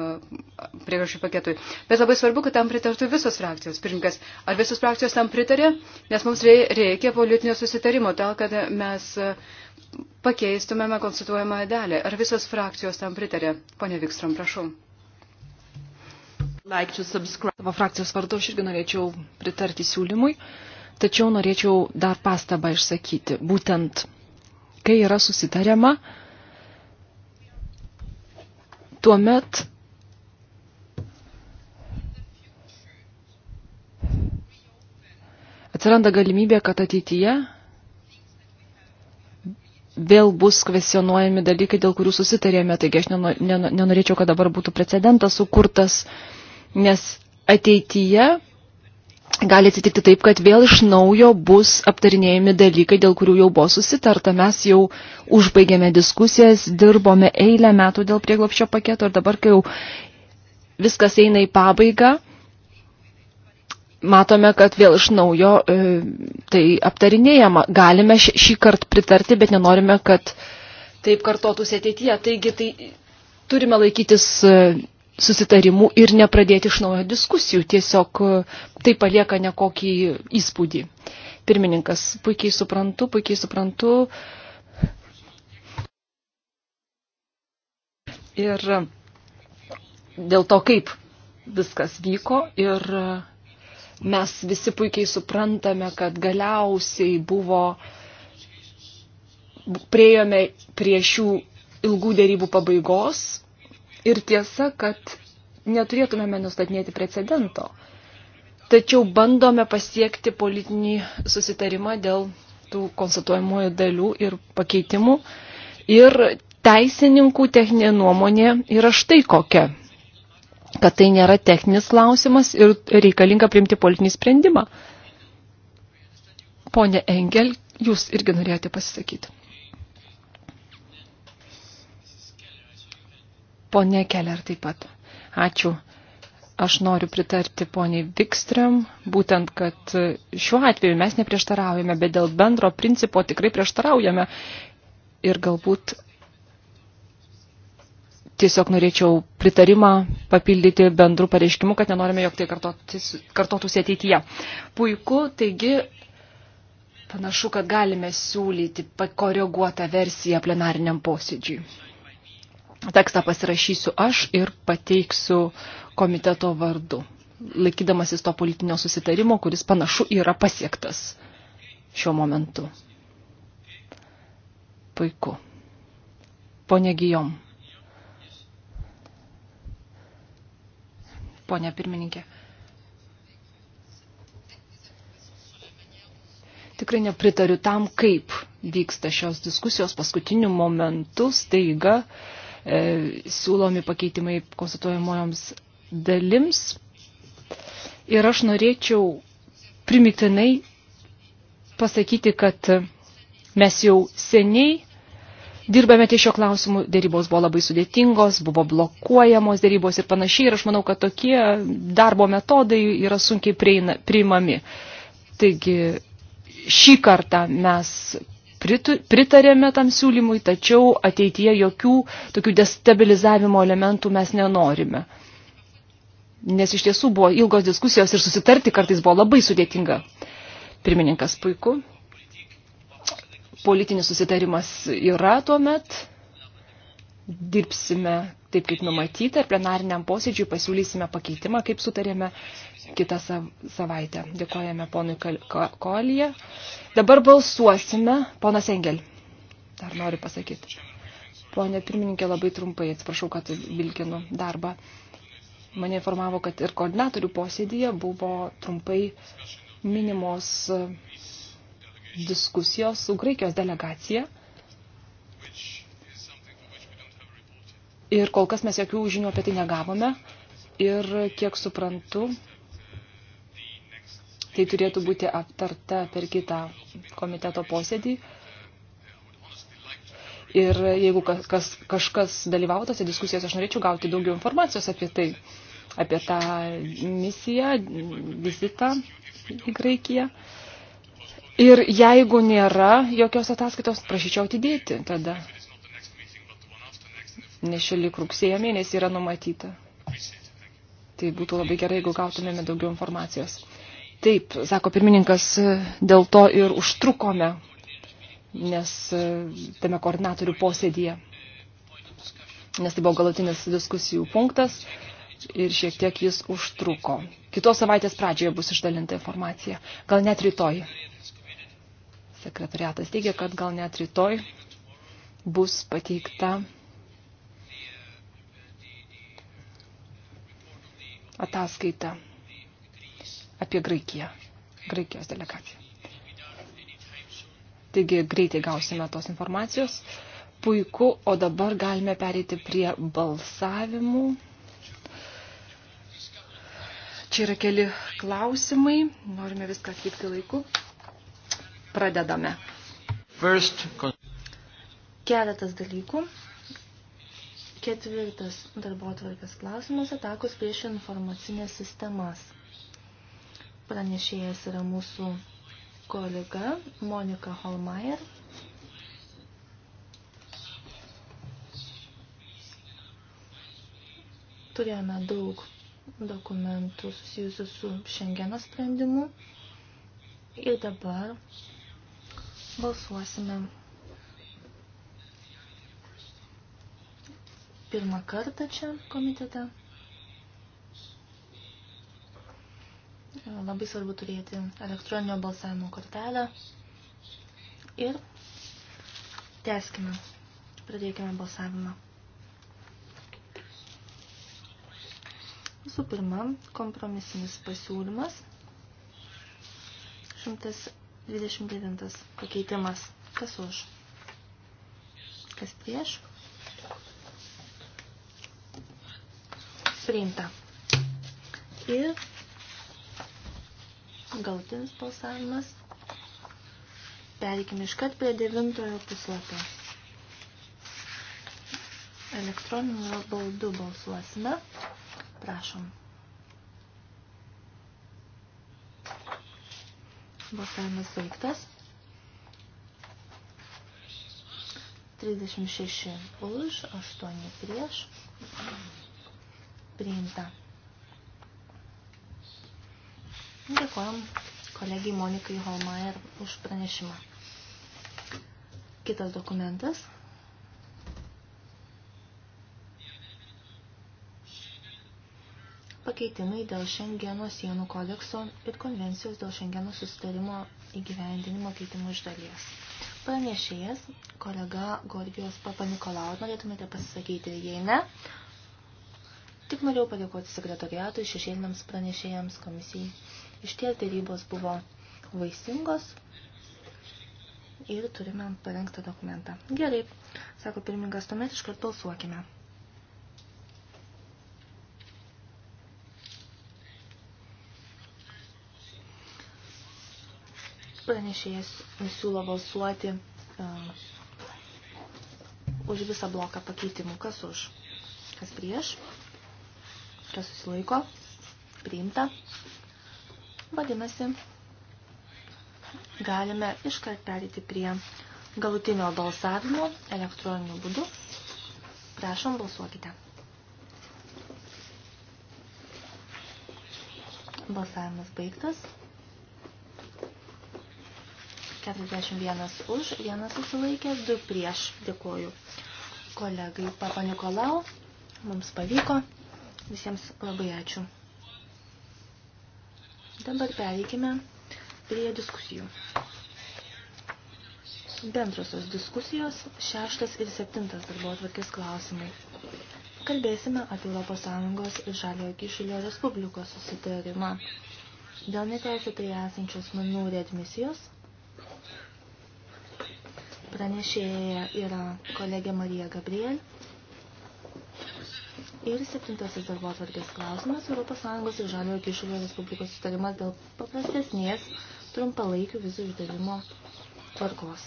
E, priežasčių paketui. Bet labai svarbu, kad tam pritartų visos frakcijos. Pirmininkas, ar visos frakcijos tam pritarė? Nes mums reikia politinio susitarimo, tal, kad mes e, pakeistumėme konstituojamąją dalį. Ar visos frakcijos tam pritarė? Pone Vikstrom, prašau. Like Tavo frakcijos vardu aš irgi norėčiau pritarti siūlymui, tačiau norėčiau dar pastabą išsakyti. Būtent, kai yra susitariama, tuomet atsiranda galimybė, kad ateityje vėl bus kvesionuojami dalykai, dėl kurių susitarėme. Taigi aš nenorėčiau, kad dabar būtų precedentas sukurtas, nes ateityje gali atsitikti taip, kad vėl iš naujo bus aptarinėjami dalykai, dėl kurių jau buvo susitarta. Mes jau užbaigėme diskusijas, dirbome eilę metų dėl prieglopščio paketo ir dabar, kai jau viskas eina į pabaigą, matome, kad vėl iš naujo e, tai aptarinėjama. Galime šį kartą pritarti, bet nenorime, kad taip kartotųsi ateityje. Taigi tai turime laikytis e, susitarimų ir nepradėti iš naujo diskusijų. Tiesiog e, tai palieka nekokį įspūdį. Pirmininkas, puikiai suprantu, puikiai suprantu. Ir dėl to, kaip viskas vyko ir uh, Mes visi puikiai suprantame, kad galiausiai buvo priejome prie šių ilgų dėrybų pabaigos ir tiesa, kad neturėtumėme nustatinėti precedento. Tačiau bandome pasiekti politinį susitarimą dėl tų konstatuojamųjų dalių ir pakeitimų. Ir teisininkų techninė nuomonė yra štai kokia kad tai nėra techninis klausimas ir reikalinga priimti politinį sprendimą. Pone Engel, jūs irgi norėjote pasisakyti. Pone Keller taip pat. Ačiū. Aš noriu pritarti poniai Vikström, būtent, kad šiuo atveju mes neprieštaraujame, bet dėl bendro principo tikrai prieštaraujame. Ir galbūt tiesiog norėčiau pritarimą papildyti bendrų pareiškimų, kad nenorime, jog tai kartotųsi ateityje. Puiku, taigi panašu, kad galime siūlyti pakoreguotą versiją plenariniam posėdžiui. Tekstą pasirašysiu aš ir pateiksiu komiteto vardu, laikydamasis to politinio susitarimo, kuris panašu yra pasiektas šiuo momentu. Puiku. Pone Gijom. ponė pirmininkė. Tikrai nepritariu tam, kaip vyksta šios diskusijos paskutiniu momentu staiga e, siūlomi pakeitimai konstatuojamojoms dalims. Ir aš norėčiau primiktinai pasakyti, kad mes jau seniai dirbame ties šio klausimu, dėrybos buvo labai sudėtingos, buvo blokuojamos dėrybos ir panašiai, ir aš manau, kad tokie darbo metodai yra sunkiai prieina, priimami. Taigi šį kartą mes pritarėme tam siūlymui, tačiau ateityje jokių tokių destabilizavimo elementų mes nenorime. Nes iš tiesų buvo ilgos diskusijos ir susitarti kartais buvo labai sudėtinga. Pirmininkas puiku, politinis susitarimas yra tuomet, dirbsime taip, kaip numatyta, ir plenariniam posėdžiui pasiūlysime pakeitimą, kaip sutarėme kitą savaitę. Dėkojame ponui Kolyje. Dabar balsuosime. Ponas Engel, dar noriu pasakyti. Pone pirmininkė, labai trumpai, atsiprašau, kad vilkinu darbą. Mane informavo, kad ir koordinatorių posėdėje buvo trumpai minimos diskusijos su Graikijos delegacija. Ir kol kas mes jokių žinių apie tai negavome. Ir kiek suprantu, tai turėtų būti aptarta per kitą komiteto posėdį. Ir jeigu kas, kas, kažkas dalyvavo tose diskusijose, aš norėčiau gauti daugiau informacijos apie tai, apie tą misiją, vizitą į Graikiją. Ir jeigu nėra jokios ataskaitos, prašyčiau atidėti tada. Nes šilik rugsėjo mėnesį yra numatyta. Tai būtų labai gerai, jeigu gautumėme daugiau informacijos. Taip, sako pirmininkas, dėl to ir užtrukome, nes e, tame koordinatorių posėdėje. Nes tai buvo galutinis diskusijų punktas ir šiek tiek jis užtruko. Kitos savaitės pradžioje bus išdalinta informacija. Gal net rytoj. Sekretariatas teigia, kad gal net rytoj bus pateikta ataskaita apie Graikiją, Graikijos delegaciją. Taigi greitai gausime tos informacijos. Puiku, o dabar galime pereiti prie balsavimų. Čia yra keli klausimai, norime viską atlikti laiku. Pradedame. First... Keletas dalykų. Ketvirtas darbo atvarkės klausimas – atakos prieš informacinės sistemas. Pranešėjas yra mūsų kolega Monika Holmeier. Turėjome daug dokumentų susijusių su Schengeno sprendimu ir dabar Balsuosime pirmą kartą čia komitete. Labai svarbu turėti elektroninio balsavimo kortelę. Ir tęskime. Pradėkime balsavimą. Visų pirma, kompromisinis pasiūlymas. 100 29 pakeitimas. Kas už? Kas prieš? Priimta. Ir galtinis balsavimas. Pereikime iškart prie devintojo puslapio. Elektroniniu baldu balsuosime. Prašom. Balsavimas baigtas. 36 už, 8 prieš. Priimta. Dėkojom kolegijai Monikai Holmeier už pranešimą. Kitas dokumentas pakeitimai dėl Šengeno sienų kodekso ir konvencijos dėl Šengeno susitarimo įgyvendinimo keitimų iš dalies. Pranešėjas, kolega Gorgijos Papa Nikolau, norėtumėte pasisakyti, jei ne? Tik norėjau padėkoti sekretoriatui, šešėliniams pranešėjams, komisijai. Iš ties dėrybos buvo vaisingos ir turime parengtą dokumentą. Gerai, sako pirmininkas, tuomet iškart balsuokime. Pranešėjas siūlo balsuoti uh, už visą bloką pakeitimų. Kas už? Kas prieš? Kas susilaiko? Priimta. Vadinasi, galime iškart perėti prie galutinio balsavimo elektroniniu būdu. Prašom, balsuokite. Balsavimas baigtas. 41 už, vienas susilaikė, du prieš. Dėkuoju kolegai Papa Nikolau. Mums pavyko. Visiems labai ačiū. Dabar pereikime prie diskusijų. Bendrosios diskusijos šeštas ir septintas darbo atvarkės klausimai. Kalbėsime apie ES ir Žaliojo Kyšulio Respublikos susitarimą dėl neteisėtai esančios manų readmisijos pranešėja yra kolegė Marija Gabriel. Ir septintasis darbo atvarkės klausimas ES ir Žaliojo Kišulio Respublikos sutarimas dėl paprastesnės trumpalaikių vizų išdavimo tvarkos.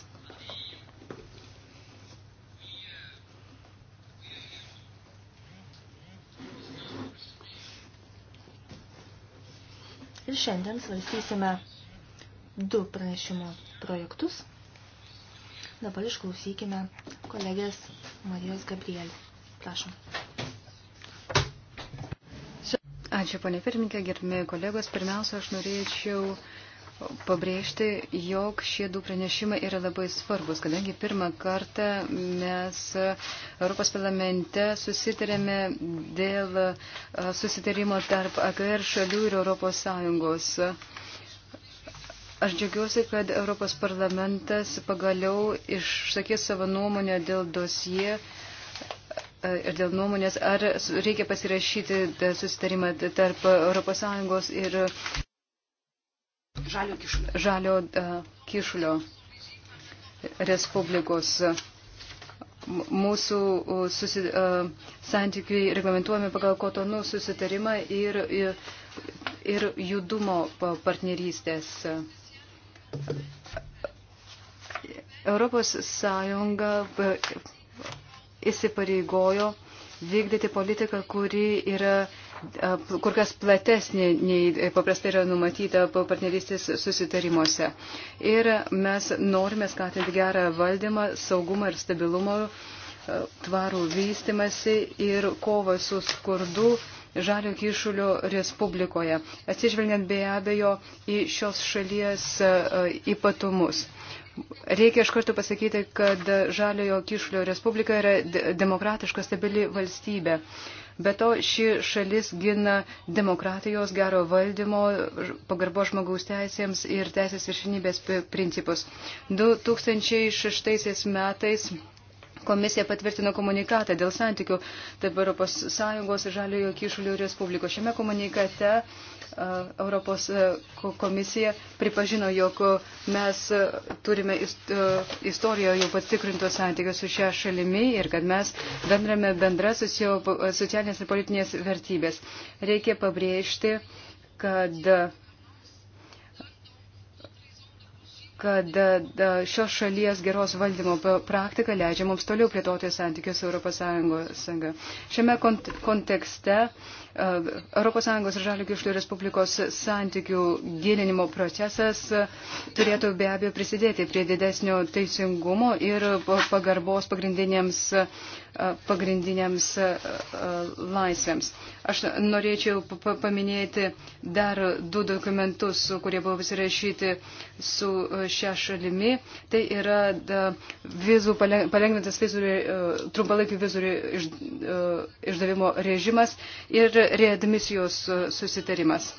Ir šiandien svarstysime du pranešimo projektus – Dabar išklausykime kolegės Marijos Gabrielį. Prašom. Ačiū, ponė pirmininkė, gerbimi kolegos. Pirmiausia, aš norėčiau pabrėžti, jog šie du pranešimai yra labai svarbus, kadangi pirmą kartą mes Europos parlamente susitarėme dėl susitarimo tarp AKR šalių ir Europos Sąjungos. Aš džiaugiuosi, kad Europos parlamentas pagaliau išsakė savo nuomonę dėl dosie e, ir dėl nuomonės, ar reikia pasirašyti susitarimą tarp ES ir žalio kišulio, žalio, e, kišulio Respublikos mūsų susi, e, santykiai reglamentuojami pagal kotonų susitarimą ir, ir, ir judumo partnerystės Europos Sąjunga e, įsipareigojo vykdyti politiką, kuri yra e, kur kas platesnė nei paprastai yra numatyta partnerystės susitarimuose. Ir mes norime skatinti gerą valdymą, saugumą ir stabilumą, e, tvarų vystimasi ir kovą su skurdu Žalio kišulio Respublikoje, atsižvelgiant be abejo į šios šalies e, ypatumus. Reikia iš karto pasakyti, kad Žaliojo kišulio Respublika yra demokratiška stabili valstybė. Be to, ši šalis gina demokratijos, gero valdymo, pagarbo žmogaus teisėms ir teisės viršinybės principus. 2006 metais Komisija patvirtino komunikatą dėl santykių tarp Europos Sąjungos ir Žaliojo Kyšulio Respublikos. Šiame komunikate Europos komisija pripažino, jog mes turime istorijoje jau patikrintos santykius su šia šalimi ir kad mes bendrame bendras socialinės ir politinės vertybės. Reikia pabrėžti, kad kad e, šios šalies geros valdymo praktika leidžia mums toliau plėtoti santykius su ES. Šiame kontekste ES ir Žalio Kišlių Respublikos santykių gilinimo procesas turėtų be abejo prisidėti prie didesnio teisingumo ir pagarbos pagrindinėms, pagrindinėms laisvėms. Aš norėčiau paminėti dar du dokumentus, kurie buvo pasirašyti su e, šia šalimi. Tai yra vizų, palengvintas vizų, e, trumpalaikių vizų e, išdavimo režimas ir readmisijos e, susitarimas.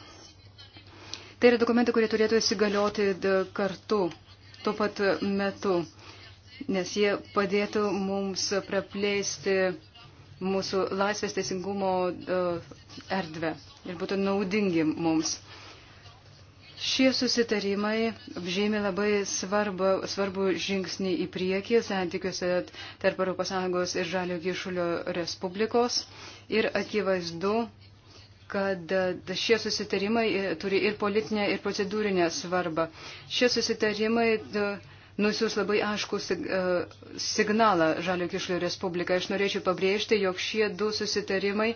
Tai yra dokumentai, kurie turėtų įsigalioti kartu, tuo pat metu, nes jie padėtų mums praplėsti mūsų laisvės teisingumo e, erdvę ir būtų naudingi mums. Šie susitarimai žymė labai svarbu, svarbu žingsnį į priekį santykiuose tarp ES ir Žalio Gišulio Respublikos ir akivaizdu, kad šie susitarimai turi ir politinę, ir procedūrinę svarbą. Šie susitarimai. Da, nusius labai aišku e, signalą Žalio Kišlio Respublikai. Aš norėčiau pabrėžti, jog šie du susitarimai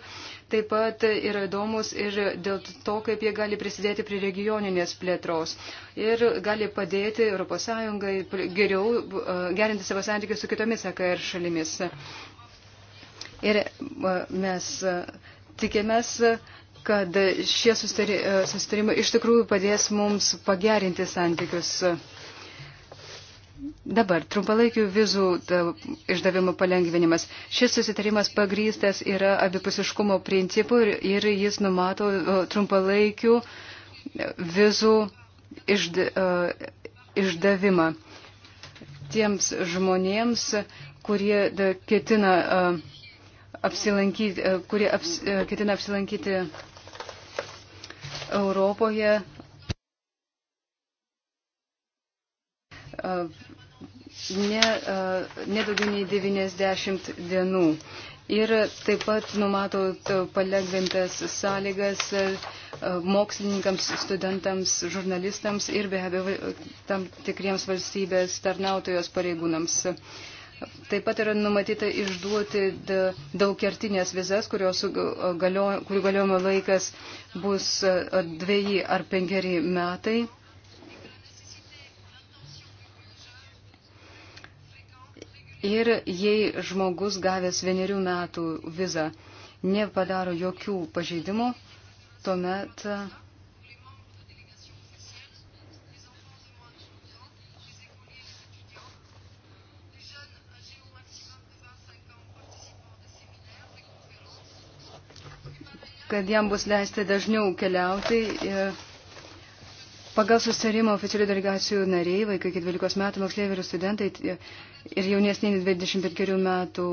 taip pat yra įdomus ir dėl to, kaip jie gali prisidėti prie regioninės plėtros ir gali padėti ES geriau e, gerinti savo santykius su kitomis AKR šalimis. Ir e, mes tikėmės kad šie susitarimai iš tikrųjų padės mums pagerinti santykius Dabar trumpalaikių vizų išdavimo palengvinimas. Šis susitarimas pagrystas yra abipusiškumo principu ir, ir jis numato trumpalaikių vizų išd, išdavimą tiems žmonėms, kurie da, ketina, apsilankyti, kurie aps, ketina apsilankyti Europoje nedaugiau ne e, nei 90 dienų. Ir taip pat numato palengvintas sąlygas e, mokslininkams, studentams, žurnalistams ir be abejo e, tam tikriems valstybės tarnautojos pareigūnams. Taip pat yra numatyta išduoti daugkertinės vizas, galio, kurių galiojimo laikas bus dviejai ar penkeri metai. Ir jei žmogus gavęs vienerių metų vizą nepadaro jokių pažeidimų, tuomet kad jam bus leisti dažniau keliauti. Ir e, Pagal susitarimą oficialių delegacijų nariai, vaikai iki 12 metų, moksleiviai ir studentai ir jaunesniai 25 metų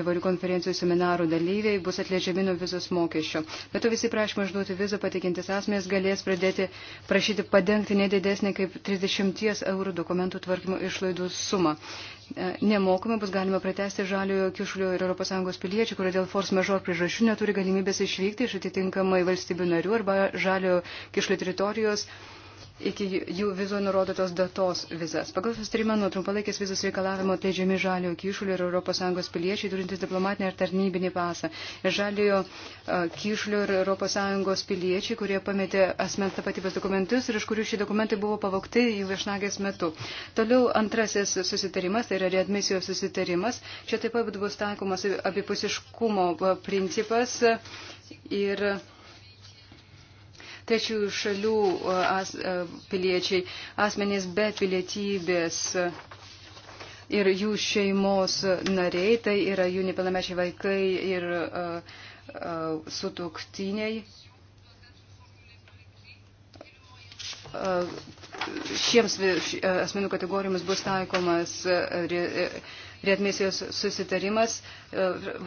įvairių konferencijų seminarų dalyviai bus atleidžiami nuo vizos mokesčio. Bet to visi prašymai išduoti vizą patikintis asmenys galės pradėti prašyti padengti nedidesnį kaip 30 eurų dokumentų tvarkymo išlaidų sumą. E, nemokamai bus galima pratesti žaliojo kišulio ir ES piliečių, kurie dėl force majeure priežasčių neturi galimybės išvykti iš atitinkamai valstybių narių arba žaliojo kišulio teritorijos iki jų vizo nurodytos datos vizas. Pagal sustarimą nuo trumpalaikės vizos reikalavimo atleidžiami žaliojo kyšulio ir ES piliečiai turintys diplomatinę ar tarnybinį pasą. Ir žaliojo kyšulio ir ES piliečiai, kurie pametė asmens tapatybės dokumentus ir iš kurių šie dokumentai buvo pavokti jų viešnagės metu. Toliau antrasis susitarimas, tai yra readmisijos susitarimas. Čia taip pat bus taikomas abipusiškumo principas. Ir trečiųjų šalių e, as, e, piliečiai, asmenys be pilietybės ir jų šeimos nariai, tai yra jų nepilnamečiai vaikai ir uh, e, uh, sutuktiniai. Uh, šiems asmenų kategorijoms bus taikomas readmisijos susitarimas.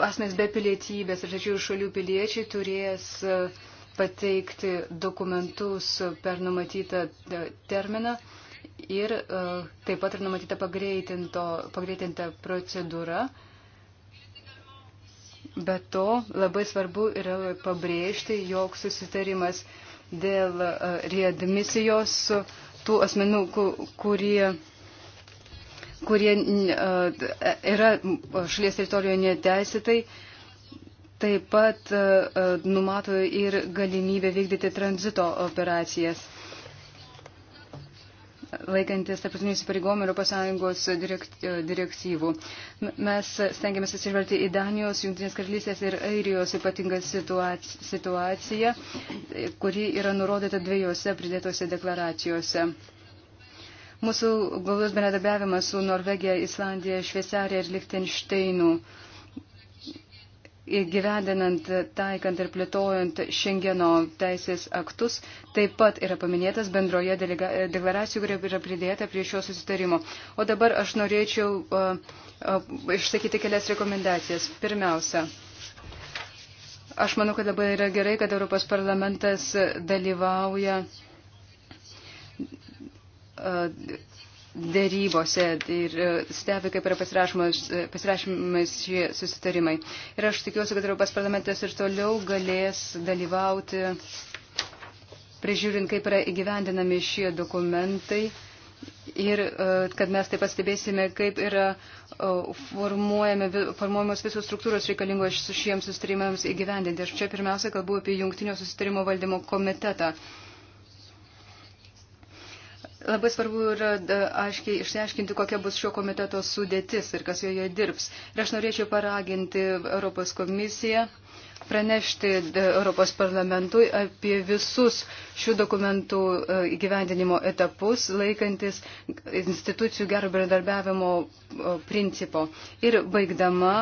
Asmenys be pilietybės ir trečiųjų šalių piliečiai turės uh, pateikti dokumentus per numatytą e, terminą ir e, taip pat ir numatyta pagreitinta procedūra. Be to, labai svarbu yra pabrėžti, jog susitarimas dėl e, readmisijos tų asmenų, kurie, kurie yra šalies teritorijoje neteisėtai, taip pat e, e, numato ir galimybę vykdyti tranzito operacijas. Laikantis tarptautinių įsipareigomų Europos Sąjungos e, direktyvų. Mes stengiamės atsižvelgti į Danijos, Junktinės karalystės ir Airijos ypatingą situaciją, kuri yra nurodyta dviejose pridėtose deklaracijose. Mūsų glaudus bendradarbiavimas su Norvegija, Islandija, Šveicarija ir Lichtensteinu gyvendinant, taikant ir plėtojant Šengeno teisės aktus, taip pat yra paminėtas bendroje deklaracijoje, kuri yra pridėta prie šio susitarimo. O dabar aš norėčiau uh, uh, išsakyti kelias rekomendacijas. Pirmiausia. Aš manau, kad dabar yra gerai, kad Europos parlamentas dalyvauja uh, dėrybose ir e, stebi, kaip yra pasirašymai e, šie susitarimai. Ir aš tikiuosi, kad Europos parlamentas ir toliau galės dalyvauti, prižiūrint, kaip yra įgyvendinami šie dokumentai. Ir e, kad mes taip pastebėsime, kaip yra formuojamos visos struktūros reikalingos šiems susitarimams įgyvendinti. Aš čia pirmiausia kalbu apie jungtinio susitarimo valdymo komitetą. Labai svarbu yra aiškiai išsiaiškinti, kokia bus šio komiteto sudėtis ir kas joje dirbs. Ir aš norėčiau paraginti Europos komisiją pranešti Europos parlamentui apie visus šių dokumentų e, įgyvendinimo etapus, laikantis institucijų gero bendradarbiavimo principo. Ir baigdama,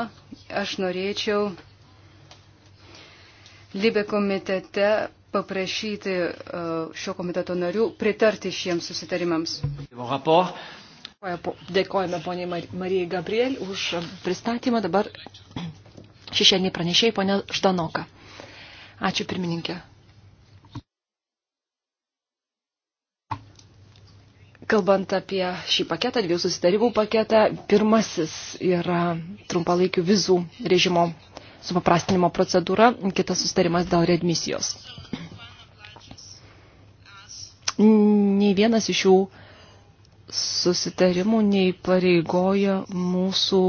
aš norėčiau Libe komitete paprašyti e, šio komiteto narių pritarti šiems susitarimams. Dėkojame poniai Marijai Gabriel už pristatymą. Dabar šešienį pranešėjai ponia Ždanoka. Ačiū pirmininkė. Kalbant apie šį paketą, dviejų susitarimų paketą, pirmasis yra trumpalaikių vizų režimo supaprastinimo procedūra, kitas susitarimas dėl readmisijos nei vienas iš jų susitarimų nei pareigoja mūsų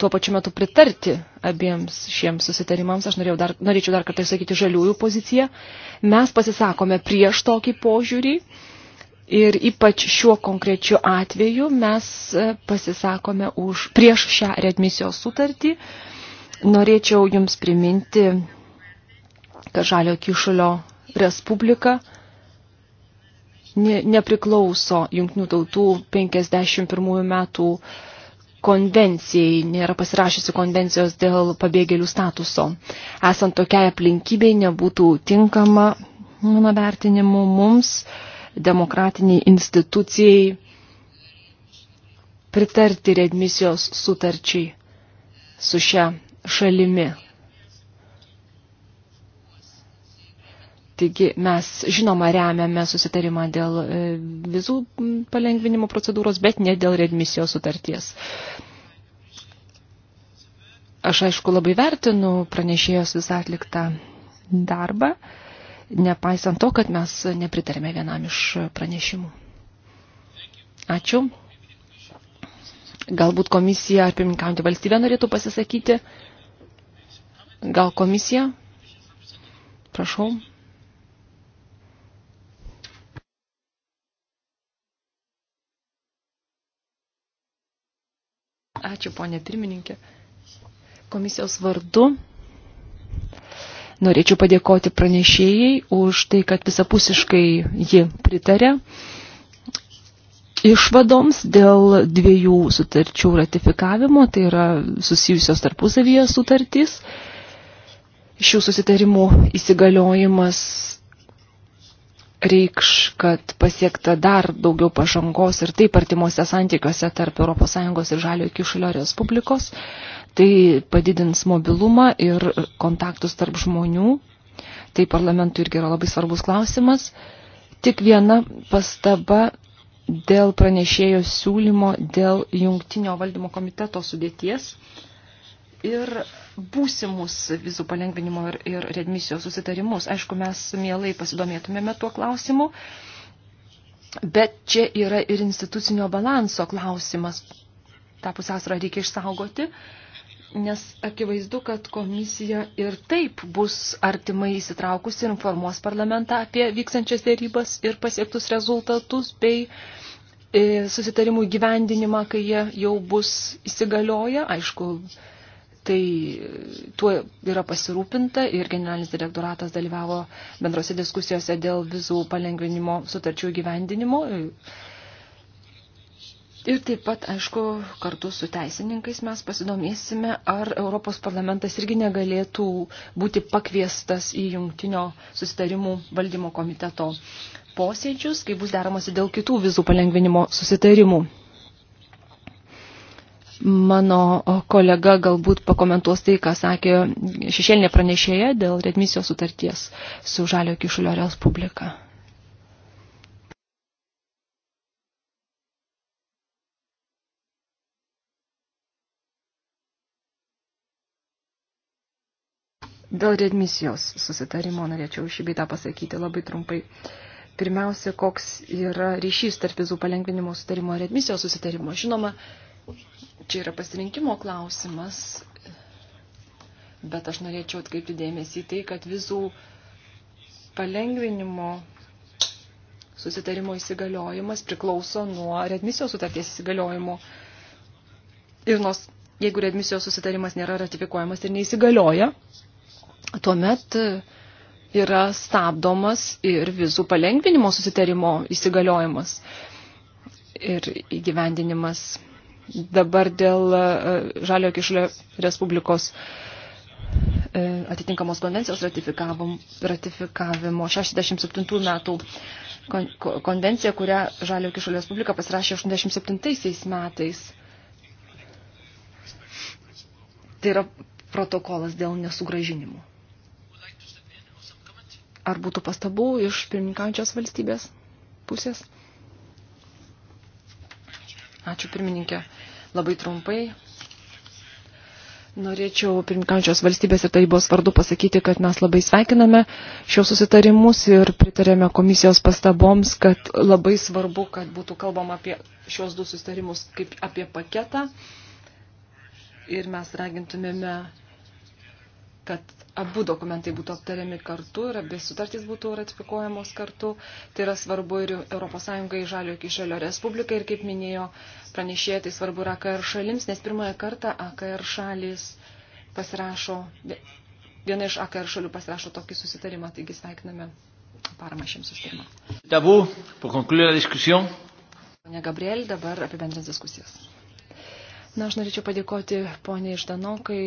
tuo pačiu metu pritarti abiems šiems susitarimams. Aš dar, norėčiau dar kartą išsakyti žaliųjų poziciją. Mes pasisakome prieš tokį požiūrį ir ypač šiuo konkrečiu atveju mes e, pasisakome už, prieš šią readmisijos sutartį. Norėčiau Jums priminti, kad Žalio Kišulio Respublika nepriklauso Junktinių tautų 51 metų konvencijai, nėra pasirašysi konvencijos dėl pabėgėlių statuso. Esant tokiai aplinkybei nebūtų tinkama, mano vertinimu, mums, demokratiniai institucijai, pritarti redmisijos sutarčiai su šia šalimi. Taigi mes žinoma remiame susitarimą dėl e, vizų palengvinimo procedūros, bet ne dėl redmisijos sutarties. Aš aišku labai vertinu pranešėjos visą atliktą darbą, nepaisant to, kad mes nepritarėme vienam iš pranešimų. Ačiū. Galbūt komisija ar pirmininkaujantį valstybę norėtų pasisakyti. Gal komisija? Prašau. Ačiū, ponė pirmininkė. Komisijos vardu norėčiau padėkoti pranešėjai už tai, kad visapusiškai ji pritarė išvadoms dėl dviejų sutarčių ratifikavimo, tai yra susijusios tarpusavyje sutartys. Šių susitarimų įsigaliojimas reikš, kad pasiekta dar daugiau pažangos ir taip artimuose santykiuose tarp ES ir Žaliojo Kišulio Respublikos. Tai padidins mobilumą ir kontaktus tarp žmonių. Tai parlamentui irgi yra labai svarbus klausimas. Tik viena pastaba dėl pranešėjo siūlymo dėl jungtinio valdymo komiteto sudėties ir būsimus vizų palengvinimo ir, ir redmisijos susitarimus. Aišku, mes mielai pasidomėtumėme tuo klausimu, bet čia yra ir institucinio balanso klausimas. Ta pusiausvara reikia išsaugoti, nes akivaizdu, kad komisija ir taip bus artimai įsitraukusi ir informuos parlamentą apie vykstančias dėrybas ir pasiektus rezultatus bei e, susitarimų gyvendinimą, kai jie jau bus įsigalioję. Aišku, Tai tuo yra pasirūpinta ir generalinis direktoratas dalyvavo bendrose diskusijose dėl vizų palengvinimo sutarčių gyvendinimo. Ir taip pat, aišku, kartu su teisininkais mes pasidomėsime, ar Europos parlamentas irgi negalėtų būti pakviestas į jungtinio susitarimų valdymo komiteto posėdžius, kai bus deramasi dėl kitų vizų palengvinimo susitarimų. Mano kolega galbūt pakomentuos tai, ką sakė šešėlinė pranešėja dėl redmisijos sutarties su Žalio Kišulio Respublika. Dėl redmisijos susitarimo norėčiau šį beitą pasakyti labai trumpai. Pirmiausia, koks yra ryšys tarp vizų palengvinimo sutarimo ir redmisijos susitarimo. Žinoma, čia yra pasirinkimo klausimas, bet aš norėčiau atkreipti dėmesį į tai, kad vizų palengvinimo susitarimo įsigaliojimas priklauso nuo redmisijos sutarties įsigaliojimo. Ir nors jeigu redmisijos susitarimas nėra ratifikuojamas ir neįsigalioja, tuomet e, yra stabdomas ir vizų palengvinimo susitarimo įsigaliojimas ir įgyvendinimas dabar dėl e, Žalio Kišlio Respublikos e, atitinkamos konvencijos ratifikavimo 67 metų konvencija, kurią Žalio Kišlio Respublika pasirašė 87 metais. Tai yra protokolas dėl nesugražinimų. Ar būtų pastabų iš pirmininkaujančios valstybės pusės? Ačiū pirmininkė. Labai trumpai. Norėčiau pirmininkančios valstybės ir tarybos vardu pasakyti, kad mes labai sveikiname šios susitarimus ir pritarėme komisijos pastaboms, kad labai svarbu, kad būtų kalbama apie šios du susitarimus kaip apie paketą. Ir mes ragintumėme kad abu dokumentai būtų aptariami kartu ir abi sutartys būtų ratifikuojamos kartu. Tai yra svarbu ir ES Žalio Kišelio Respublikai ir, kaip minėjo pranešė, tai svarbu ir AKR šalims, nes pirmąją kartą AKR šalis pasirašo, viena iš AKR šalių pasirašo tokį susitarimą, taigi sveikiname paramą šiems susitarimą. Tabu, po konkluoja diskusijon. Pone Gabriel, dabar apibendrins diskusijas. Na, aš norėčiau padėkoti poniai Ždanokai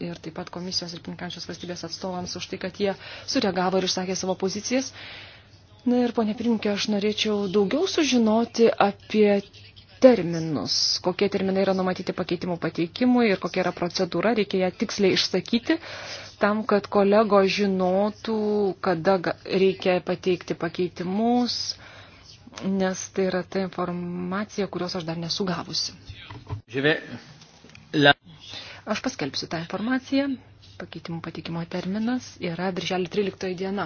ir taip pat komisijos ir pinkančios valstybės atstovams už tai, kad jie sureagavo ir išsakė savo pozicijas. Na ir ponė pirminkė, aš norėčiau daugiau sužinoti apie terminus, kokie terminai yra numatyti pakeitimų pateikimui ir kokia yra procedūra, reikia ją tiksliai išsakyti, tam, kad kolego žinotų, kada reikia pateikti pakeitimus, nes tai yra ta informacija, kurios aš dar nesugavusi. Aš paskelbsiu tą informaciją. Pakeitimų patikimo terminas yra birželio 13 diena.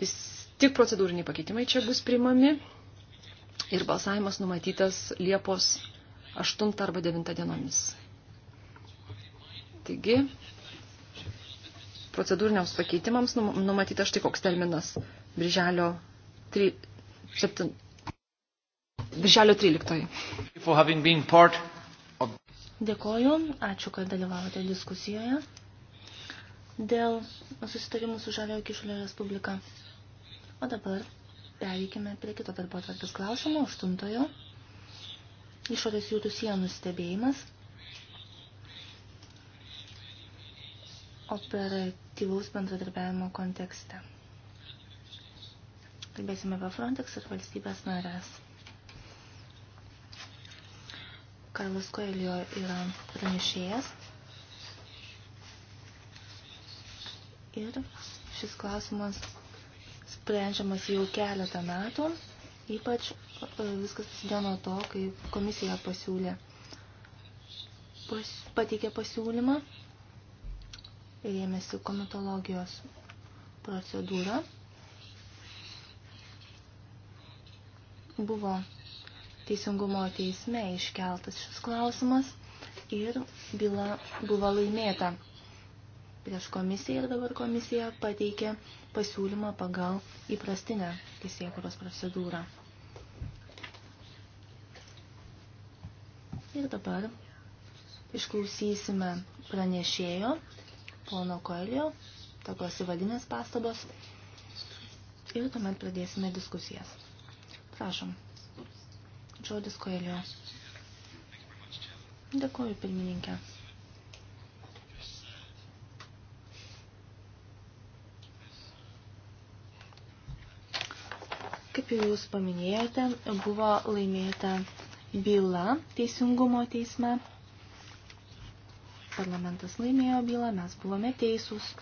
Vis tik procedūriniai pakeitimai čia bus primami ir balsavimas numatytas Liepos 8 arba 9 dienomis. Taigi, procedūriniams pakeitimams numatytas štai koks terminas. Birželio 3, 7, Birželio 13. Dėkoju, ačiū, kad dalyvavote diskusijoje dėl susitarimų su Žaliojo Kišulio Respublika. O dabar pereikime prie kito darbo atvarkės klausimo, aštuntojo. Išorės jūtų sienų stebėjimas. Operatyvaus bendradarbiavimo kontekste. Kalbėsime apie Frontex ir valstybės narės. Karlas Koelio yra pranešėjas. Ir šis klausimas sprendžiamas jau keletą metų. Ypač e, viskas prasidėjo nuo to, kai komisija pasiūlė, pas, pateikė pasiūlymą ir ėmėsi komitologijos procedūrą. Buvo Teisingumo teisme iškeltas šis klausimas ir byla buvo laimėta prieš komisiją ir dabar komisija pateikė pasiūlymą pagal įprastinę teisėkuros procedūrą. Ir dabar išklausysime pranešėjo, pono Koelio, tokios įvadinės pastabos ir tuomet pradėsime diskusijas. Prašom žodis Koelio. Dėkuoju, pirmininkė. Kaip jau jūs paminėjote, buvo laimėta byla teisingumo teisme. Parlamentas laimėjo bylą, mes buvome teisūs.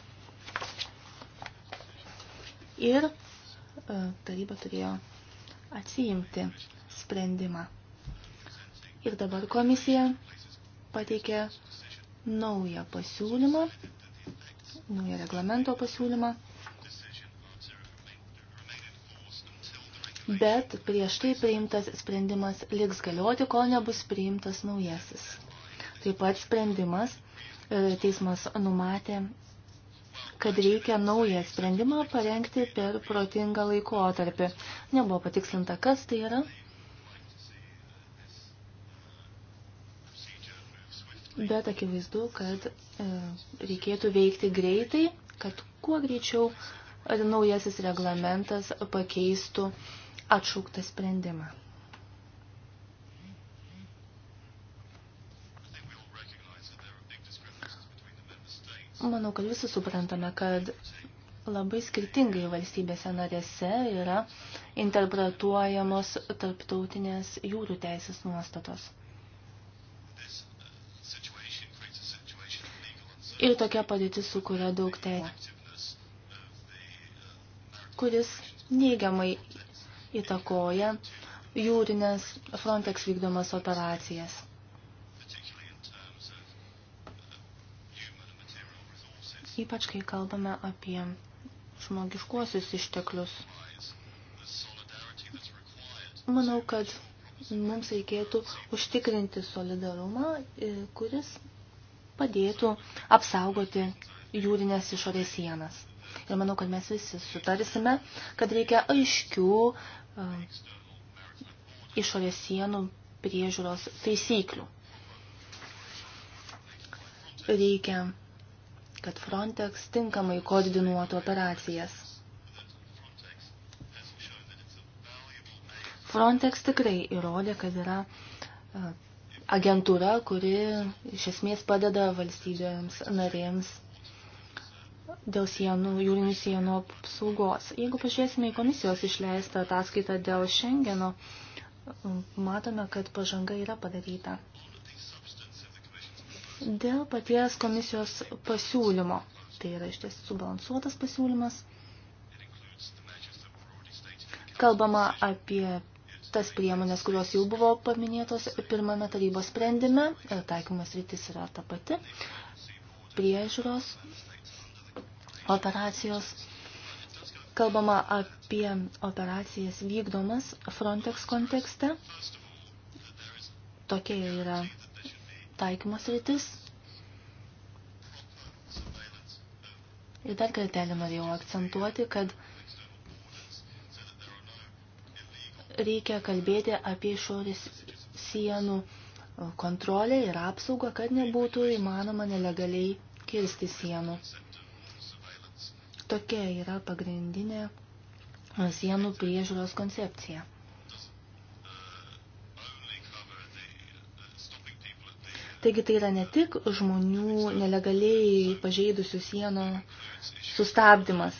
Ir e, taryba turėjo atsiimti sprendimą. Ir dabar komisija pateikė naują pasiūlymą, naują reglamento pasiūlymą, bet prieš tai priimtas sprendimas liks galioti, kol nebus priimtas naujasis. Taip pat sprendimas e, teismas numatė kad reikia naują sprendimą parengti per protingą laikotarpį. Nebuvo patikslinta, kas tai yra. bet akivaizdu, kad e, reikėtų veikti greitai, kad kuo greičiau e, naujasis reglamentas pakeistų atšauktą sprendimą. Manau, kad visi suprantame, kad labai skirtingai valstybėse narėse yra interpretuojamos tarptautinės jūrų teisės nuostatos. Ir tokia padėtis sukuria daug teisų, kuris neigiamai įtakoja jūrinės Frontex vykdomas operacijas. Ypač kai kalbame apie žmogiškuosius išteklius. Manau, kad mums reikėtų užtikrinti solidarumą, e, kuris padėtų apsaugoti jūrinės išorės sienas. Ir manau, kad mes visi sutarsime, kad reikia aiškių e, išorės sienų priežiūros taisyklių. Reikia, kad Frontex tinkamai koordinuotų operacijas. Frontex tikrai įrodė, kad yra e, agentūra, kuri iš esmės padeda valstybėms narėms dėl sienų, jūrinių sienų apsaugos. Jeigu pažiūrėsime į komisijos išleistą ataskaitą dėl Šengeno, matome, kad pažanga yra padaryta. Dėl paties komisijos pasiūlymo, tai yra iš tiesų subalansuotas pasiūlymas, kalbama apie tas priemonės, kurios jau buvo paminėtos pirmame tarybos sprendime, e, taikymas rytis yra ta pati, priežiūros operacijos. Kalbama apie operacijas vykdomas Frontex kontekste. Tokia yra taikymos rytis. Ir dar kartelį norėjau akcentuoti, kad reikia kalbėti apie išorės sienų kontrolę ir apsaugą, kad nebūtų įmanoma nelegaliai kirsti sienų. Tokia yra pagrindinė sienų priežiūros koncepcija. Taigi tai yra ne tik žmonių nelegaliai pažeidusių sienų sustabdymas,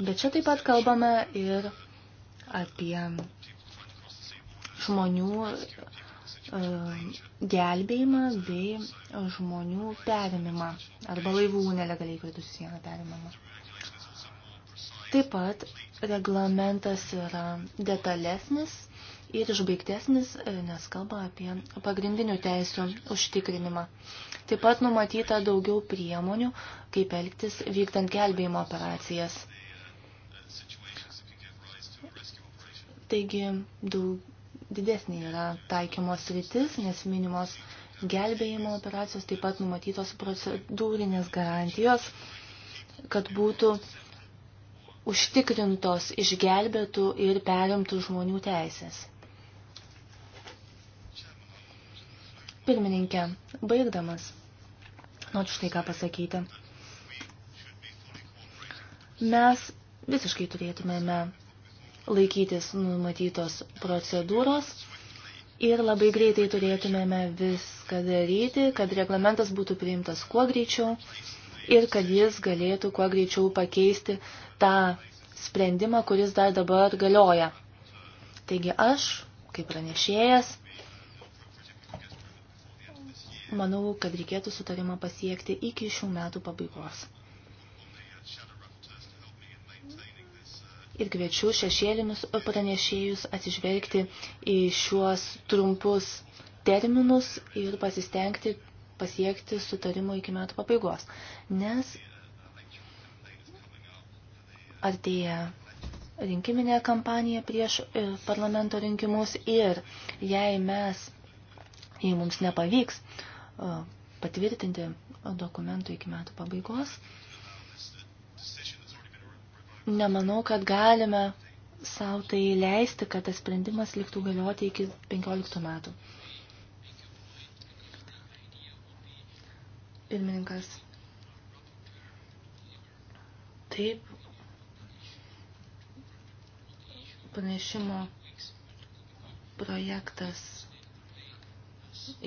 bet čia taip pat kalbame ir apie žmonių e, gelbėjimą bei žmonių perimimą arba laivų nelegaliai kritus sieną perimimą. Taip pat reglamentas yra detalesnis ir išbaigtesnis, e, nes kalba apie pagrindinių teisų užtikrinimą. Taip pat numatyta daugiau priemonių, kaip elgtis vykdant gelbėjimo operacijas. Taigi daug, didesnė yra taikymos rytis, nes minimos gelbėjimo operacijos taip pat numatytos procedūrinės garantijos, kad būtų užtikrintos išgelbėtų ir perimtų žmonių teisės. Pirmininkė, baigdamas, noriu štai ką pasakyti. Mes visiškai turėtumėme laikytis numatytos procedūros ir labai greitai turėtumėme viską daryti, kad reglamentas būtų priimtas kuo greičiau ir kad jis galėtų kuo greičiau pakeisti tą sprendimą, kuris dar dabar galioja. Taigi aš, kaip pranešėjas, manau, kad reikėtų sutarimą pasiekti iki šių metų pabaigos. ir kviečiu šešėlinius pranešėjus atsižvelgti į šiuos trumpus terminus ir pasistengti pasiekti sutarimo iki metų pabaigos, nes artėja rinkiminė kampanija prieš e, parlamento rinkimus ir jei mes, jei mums nepavyks e, patvirtinti dokumentų iki metų pabaigos, nemanau, kad galime savo tai leisti, kad tas sprendimas liktų galioti iki 15 metų. Pirmininkas. Taip. Panešimo projektas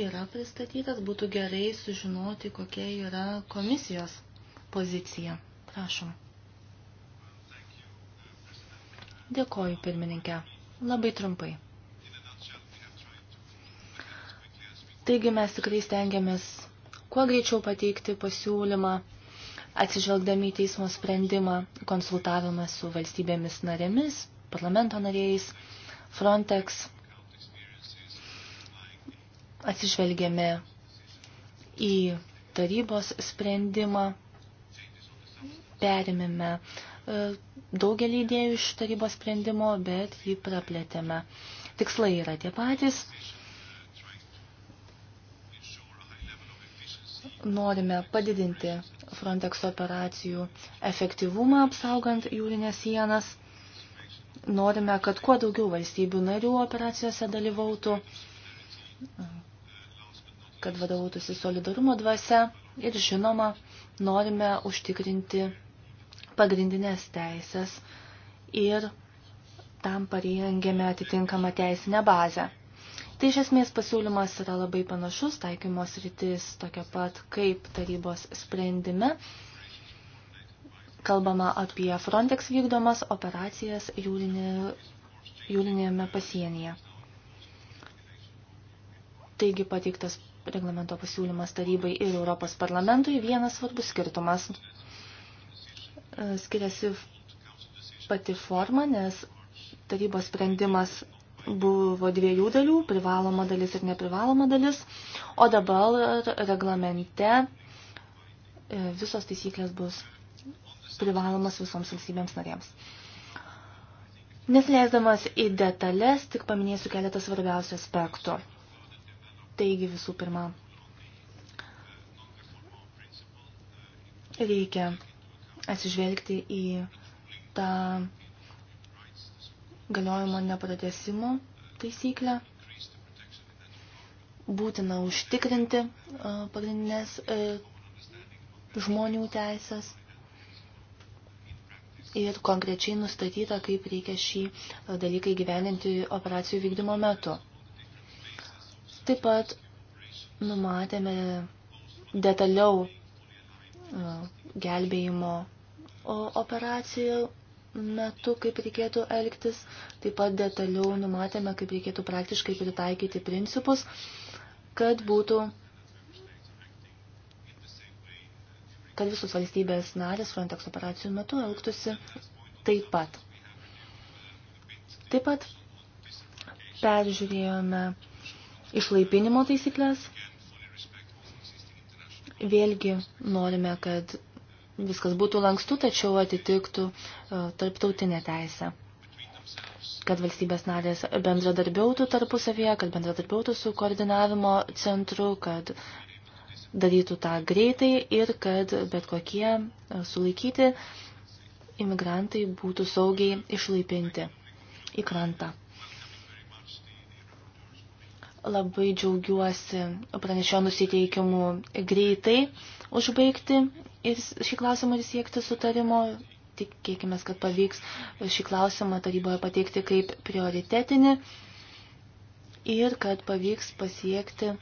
yra pristatytas. Būtų gerai sužinoti, kokia yra komisijos pozicija. Prašom. Dėkoju, pirmininkė. Labai trumpai. Taigi mes tikrai stengiamės kuo greičiau pateikti pasiūlymą, atsižvelgdami į teismo sprendimą, konsultavimą su valstybėmis narėmis, parlamento nariais, Frontex. Atsižvelgėme į tarybos sprendimą, perimėme e, daugelį idėjų iš tarybos sprendimo, bet jį praplėtėme. Tikslai yra tie patys. Norime padidinti Frontex operacijų efektyvumą apsaugant jūrinės sienas. Norime, kad kuo daugiau valstybių narių operacijose dalyvautų, kad vadovautųsi solidarumo dvasia ir žinoma, norime užtikrinti pagrindinės teisės ir tam parengėme atitinkamą teisinę bazę. Tai iš esmės pasiūlymas yra labai panašus, taikymos rytis tokia pat kaip tarybos sprendime. Kalbama apie Frontex vykdomas operacijas jūrinė, jūrinėme pasienyje. Taigi pateiktas reglamento pasiūlymas tarybai ir Europos parlamentui vienas svarbus skirtumas E, skiriasi pati forma, nes tarybos sprendimas buvo dviejų dalių, privaloma dalis ir neprivaloma dalis, o dabar reglamente e, visos taisyklės bus privalomas visoms valstybėms narėms. Nesileisdamas į detalės, tik paminėsiu keletą svarbiausių aspektų. Taigi visų pirma, reikia atsižvelgti į tą galiojimo nepratesimo taisyklę. Būtina užtikrinti e, pagrindinės e, žmonių teisės ir konkrečiai nustatyta, kaip reikia šį e, dalyką įgyveninti operacijų vykdymo metu. Taip pat numatėme detaliau gelbėjimo operacijų metu, kaip reikėtų elgtis. Taip pat detaliau numatėme, kaip reikėtų praktiškai pritaikyti principus, kad būtų kad visos valstybės narės Frontex operacijų metu elgtųsi taip pat. Taip pat peržiūrėjome išlaipinimo taisyklės. Vėlgi norime, kad viskas būtų lankstu, tačiau atitiktų e, tarptautinę teisę kad valstybės narės bendradarbiautų tarpusavėje, kad bendradarbiautų su koordinavimo centru, kad darytų tą greitai ir kad bet kokie e, sulaikyti imigrantai būtų saugiai išlaipinti į krantą. Labai džiaugiuosi pranešio nusiteikimu greitai užbaigti ir šį klausimą ir siekti sutarimo. Tikėkime, kad pavyks šį klausimą taryboje pateikti kaip prioritetinį ir kad pavyks pasiekti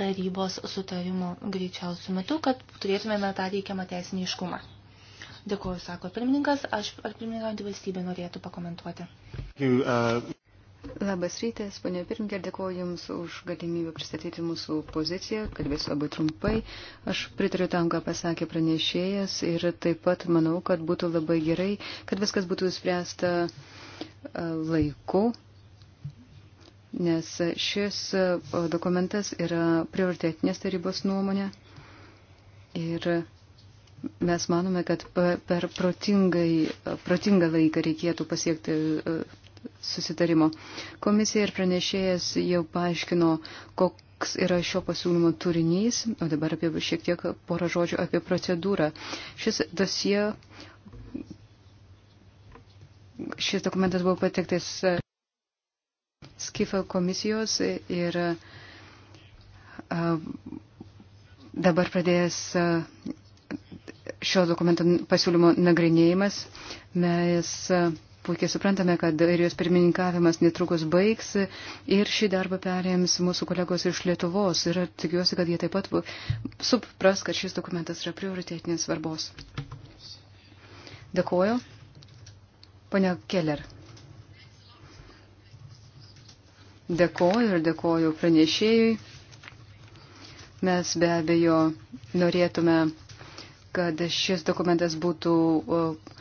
tarybos sutarimo greičiausių metų, kad turėtumėme tą reikiamą teisinį iškumą. Dėkuoju, sako pirmininkas, aš ar pirmininkaujantį valstybę norėtų pakomentuoti. You, uh... Labas rytas, ponė Pirmke, dėkuoju Jums už galimybę pristatyti mūsų poziciją, kalbėsiu labai trumpai. Aš pritariu tam, ką pasakė pranešėjas ir taip pat manau, kad būtų labai gerai, kad viskas būtų spręsta e, laiku, nes šis e, dokumentas yra prioritetinės tarybos nuomonė ir mes manome, kad e, per protingai, protingą laiką reikėtų pasiekti susitarimo. Komisija ir pranešėjas jau paaiškino, koks yra šio pasiūlymo turinys, o dabar apie šiek tiek porą žodžių apie procedūrą. Šis dosie, šis dokumentas buvo patektas e, Skifa komisijos ir e, dabar pradėjęs e, šio dokumento pasiūlymo nagrinėjimas. Mes puikiai suprantame, kad airijos pirmininkavimas netrukus baigs ir šį darbą perėms mūsų kolegos iš Lietuvos. Ir tikiuosi, kad jie taip pat supras, kad šis dokumentas yra prioritėtinės svarbos. Dėkuoju. Pane Keller. Dėkuoju ir dėkuoju pranešėjui. Mes be abejo norėtume, kad šis dokumentas būtų uh,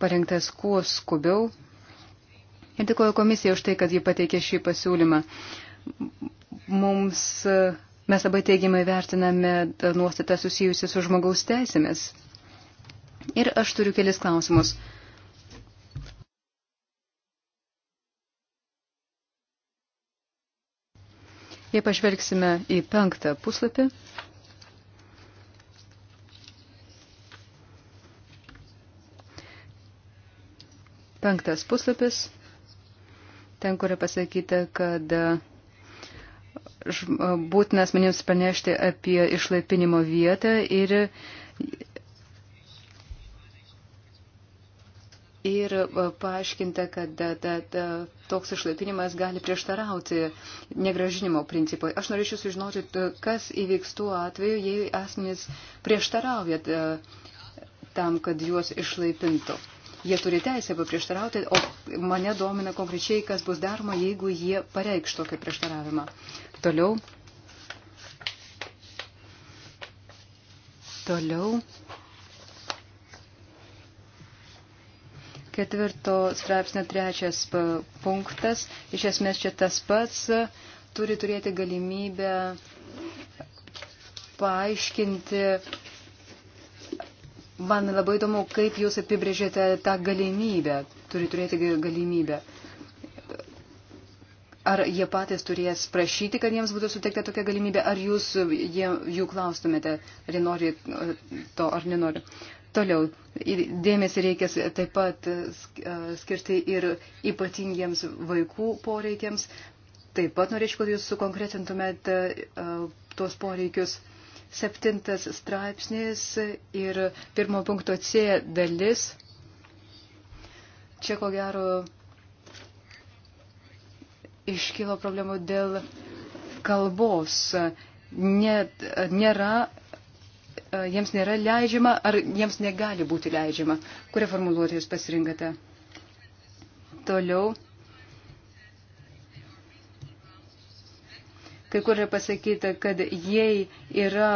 parengtas kuo skubiau. Ir dėkoju komisijai už tai, kad ji pateikė šį pasiūlymą. Mums, mes labai teigiamai vertiname nuostatą susijusią su žmogaus teisėmis. Ir aš turiu kelis klausimus. Jei pažvelgsime į penktą puslapį, penktas puslapis, ten, kur yra pasakyta, kad e, e, būtina asmenims pranešti apie išlaipinimo vietą ir, ir e, paaiškinta, kad da, da, da, toks išlaipinimas gali prieštarauti negražinimo principui. Aš norėčiau sužinoti, kas įvyks tuo atveju, jei asmenys prieštarauja da, tam, kad juos išlaipintų. Jie turi teisę paprieštarauti, o mane domina konkrečiai, kas bus daroma, jeigu jie pareikš tokį prieštaravimą. Toliau. Toliau. ketvirto straipsnio trečias punktas, iš esmės čia tas pats, turi turėti galimybę paaiškinti Man labai įdomu, kaip jūs apibrėžėte tą galimybę, turi turėti galimybę. Ar jie patys turės prašyti, kad jiems būtų suteikta tokia galimybė, ar jūs jie, jų klaustumėte, ar jie nori e, to, ar nenori. Toliau, dėmesį reikia taip pat e, e, skirti ir ypatingiems vaikų poreikiams. Taip pat norėčiau, kad jūs sukonkretintumėte tuos poreikius septintas straipsnis ir pirmo punkto C dalis. Čia ko gero iškilo problemų dėl kalbos. Net, nėra, jiems nėra leidžiama ar jiems negali būti leidžiama. Kurią formuluotę jūs pasirinkate? Toliau Kai kur yra pasakyta, kad jei yra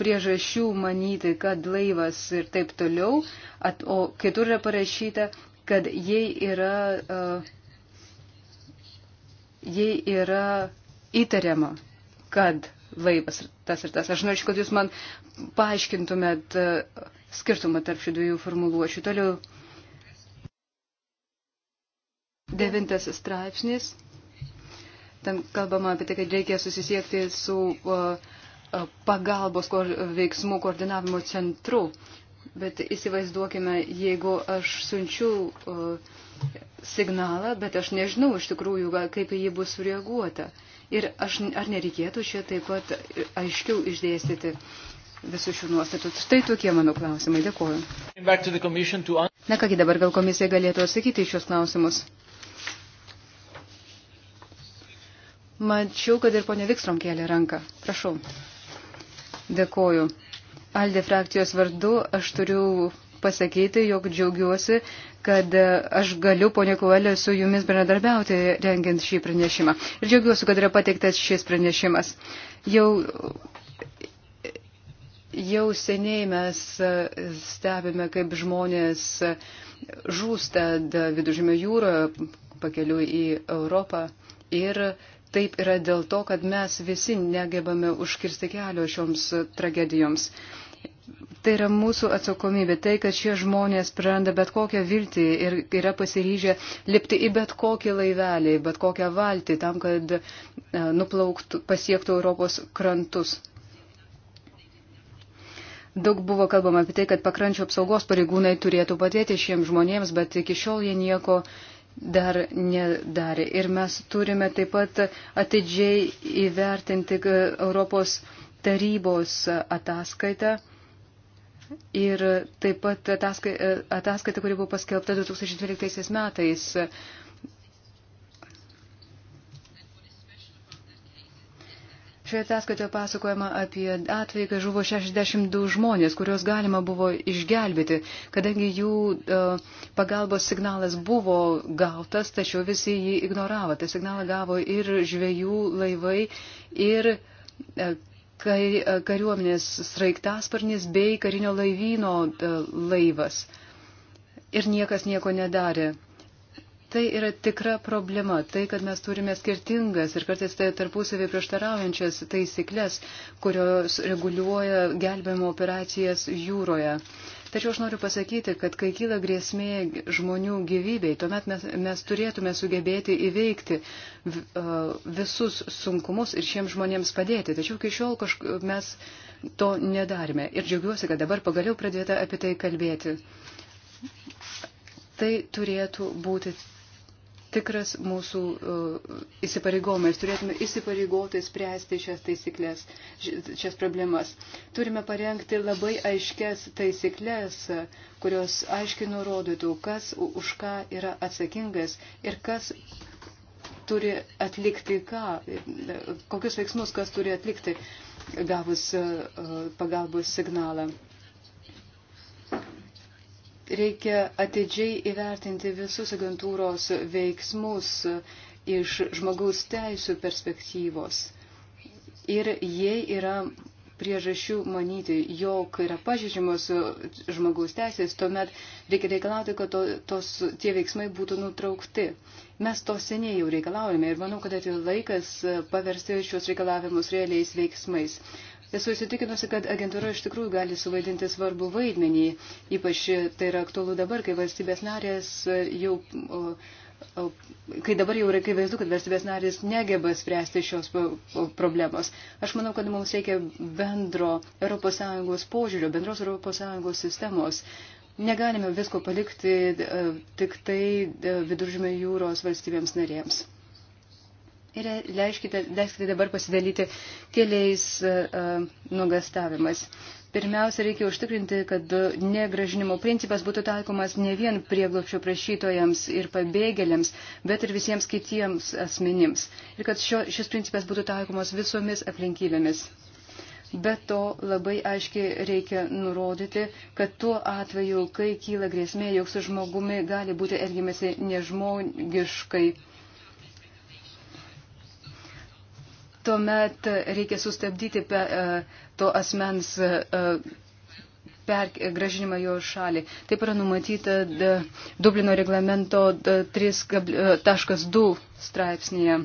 priežasčių manyti, kad laivas ir taip toliau, at, o kitur yra parašyta, kad jei yra, uh, jei yra įtariama, kad laivas tas ir tas. Aš norėčiau, kad jūs man paaiškintumėt uh, skirtumą tarp šių dviejų formuluočių. Toliau devintas straipsnis. Tam kalbama apie tai, kad reikia susisiekti su pagalbos veiksmų koordinavimo centru. Bet įsivaizduokime, jeigu aš siunčiu signalą, bet aš nežinau iš tikrųjų, kaip į jį bus sureaguota. Ir aš, ar nereikėtų čia taip pat aiškiau išdėstyti visų šių nuostatų. Štai tokie mano klausimai. Dėkuoju. Na kągi dabar gal komisija galėtų atsakyti į šios klausimus. Mačiau, kad ir ponia Vikstrom kėlė ranką. Prašau. Dėkoju. Aldė frakcijos vardu aš turiu pasakyti, jog džiaugiuosi, kad aš galiu, ponė Kuelė, su jumis bendradarbiauti rengiant šį pranešimą. Ir džiaugiuosi, kad yra pateiktas šis pranešimas. Jau jau seniai mes stebime, kaip žmonės žūsta viduržymio jūroje pakeliu į Europą ir Taip yra dėl to, kad mes visi negebame užkirsti kelio šioms tragedijoms. Tai yra mūsų atsakomybė, tai, kad šie žmonės praranda bet kokią viltį ir yra pasiryžę lipti į bet kokį laivelį, bet kokią valtį, tam, kad e, nuplauktų, pasiektų Europos krantus. Daug buvo kalbama apie tai, kad pakrančio apsaugos pareigūnai turėtų padėti šiems žmonėms, bet iki šiol jie nieko dar nedarė. Ir mes turime taip pat atidžiai įvertinti e, Europos tarybos ataskaitą. Ir taip pat ataskaita, e, ataskaita kuri buvo paskelbta 2012 metais Šioje ataskaitoje pasakojama apie atvejį, kai žuvo 62 žmonės, kuriuos galima buvo išgelbėti, kadangi jų uh, pagalbos signalas buvo gautas, tačiau visi jį ignoravo. Tai signalą gavo ir žvėjų laivai, ir uh, kariuomenės sraigtasparnis bei karinio laivyno uh, laivas. Ir niekas nieko nedarė. Tai yra tikra problema, tai, kad mes turime skirtingas ir kartais tai tarpusavį prieštaraujančias taisyklės, kurios reguliuoja gelbėjimo operacijas jūroje. Tačiau aš noriu pasakyti, kad kai kyla grėsmė žmonių gyvybei, tuomet mes, mes turėtume sugebėti įveikti visus sunkumus ir šiems žmonėms padėti. Tačiau iki šiol kažk... mes to nedarėme. Ir džiaugiuosi, kad dabar pagaliau pradėta apie tai kalbėti. Tai turėtų būti tikras mūsų uh, įsipareigojimas. Turėtume įsipareigoti spręsti šias taisyklės, šias problemas. Turime parengti labai aiškias taisyklės, kurios aiškiai nurodytų, kas už ką yra atsakingas ir kas turi atlikti ką, kokius veiksmus kas turi atlikti gavus uh, pagalbos signalą. Reikia atidžiai įvertinti visus agentūros veiksmus iš žmogaus teisų perspektyvos. Ir jei yra priežasčių manyti, jog yra pažeidžiamos žmogaus teisės, tuomet reikia reikalauti, kad to, tos, tie veiksmai būtų nutraukti. Mes to seniai jau reikalaujame ir manau, kad atėjo laikas paversti šios reikalavimus realiais veiksmais. Esu įsitikinusi, kad agentūra iš tikrųjų gali suvaidinti svarbų vaidmenį, ypač tai yra aktualu dabar, kai valstybės narės jau. O, o, Kai dabar jau yra akivaizdu, kad valstybės narės negeba spręsti šios problemos. Aš manau, kad mums reikia bendro ES požiūrio, bendros ES sistemos, negalime visko palikti e, tik tai e, viduržymio jūros valstybėms narėms. Ir leiskite, leiskite dabar pasidalyti keliais uh, nuogastavimais. Pirmiausia, reikia užtikrinti, kad negražinimo principas būtų taikomas ne vien prieglopšio prašytojams ir pabėgėliams, bet ir visiems kitiems asmenims. Ir kad šio, šis principas būtų taikomas visomis aplinkybėmis. Be to labai aiškiai reikia nurodyti, kad tuo atveju, kai kyla grėsmė, jog su žmogumi gali būti elgiamasi nežmogiškai tuomet reikia sustabdyti pe, e, to asmens e, per, gražinimą jo šalį. Taip yra numatyta da, e, Dublino reglamento 3.2 straipsnėje.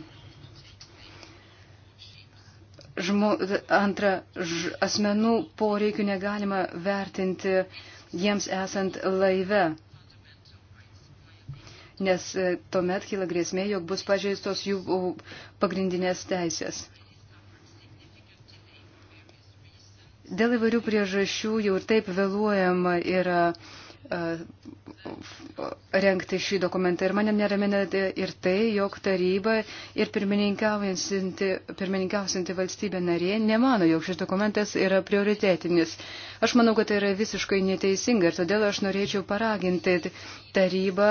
Žmo, antra, ž, asmenų poreikių negalima vertinti jiems esant laive nes e, tuomet kyla grėsmė, jog bus pažeistos jų pagrindinės teisės. Dėl įvairių priežasčių jau ir taip vėluojama yra e, rengti šį dokumentą. Ir mane neramina ir tai, jog taryba ir pirmininkausinti valstybė narė nemano, jog šis dokumentas yra prioritetinis. Aš manau, kad tai yra visiškai neteisinga ir todėl aš norėčiau paraginti tarybą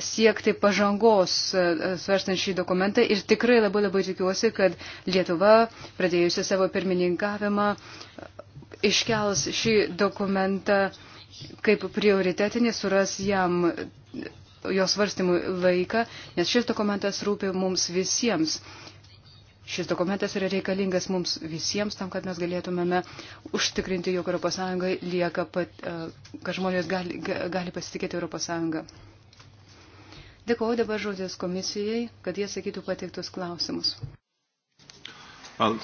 siekti pažangos e, e, svarstant šį dokumentą ir tikrai labai labai tikiuosi, kad Lietuva, pradėjusi savo pirmininkavimą, iškels šį dokumentą kaip prioritetinį, suras jam jos svarstymų laiką, nes šis dokumentas rūpi mums visiems. Šis dokumentas yra reikalingas mums visiems tam, kad mes galėtumėme užtikrinti, jog ES lieka, pat, e, kad žmonės gali, gali pasitikėti ES. Dėkuoju dabar žodės komisijai, kad jie sakytų pateiktus klausimus. Well,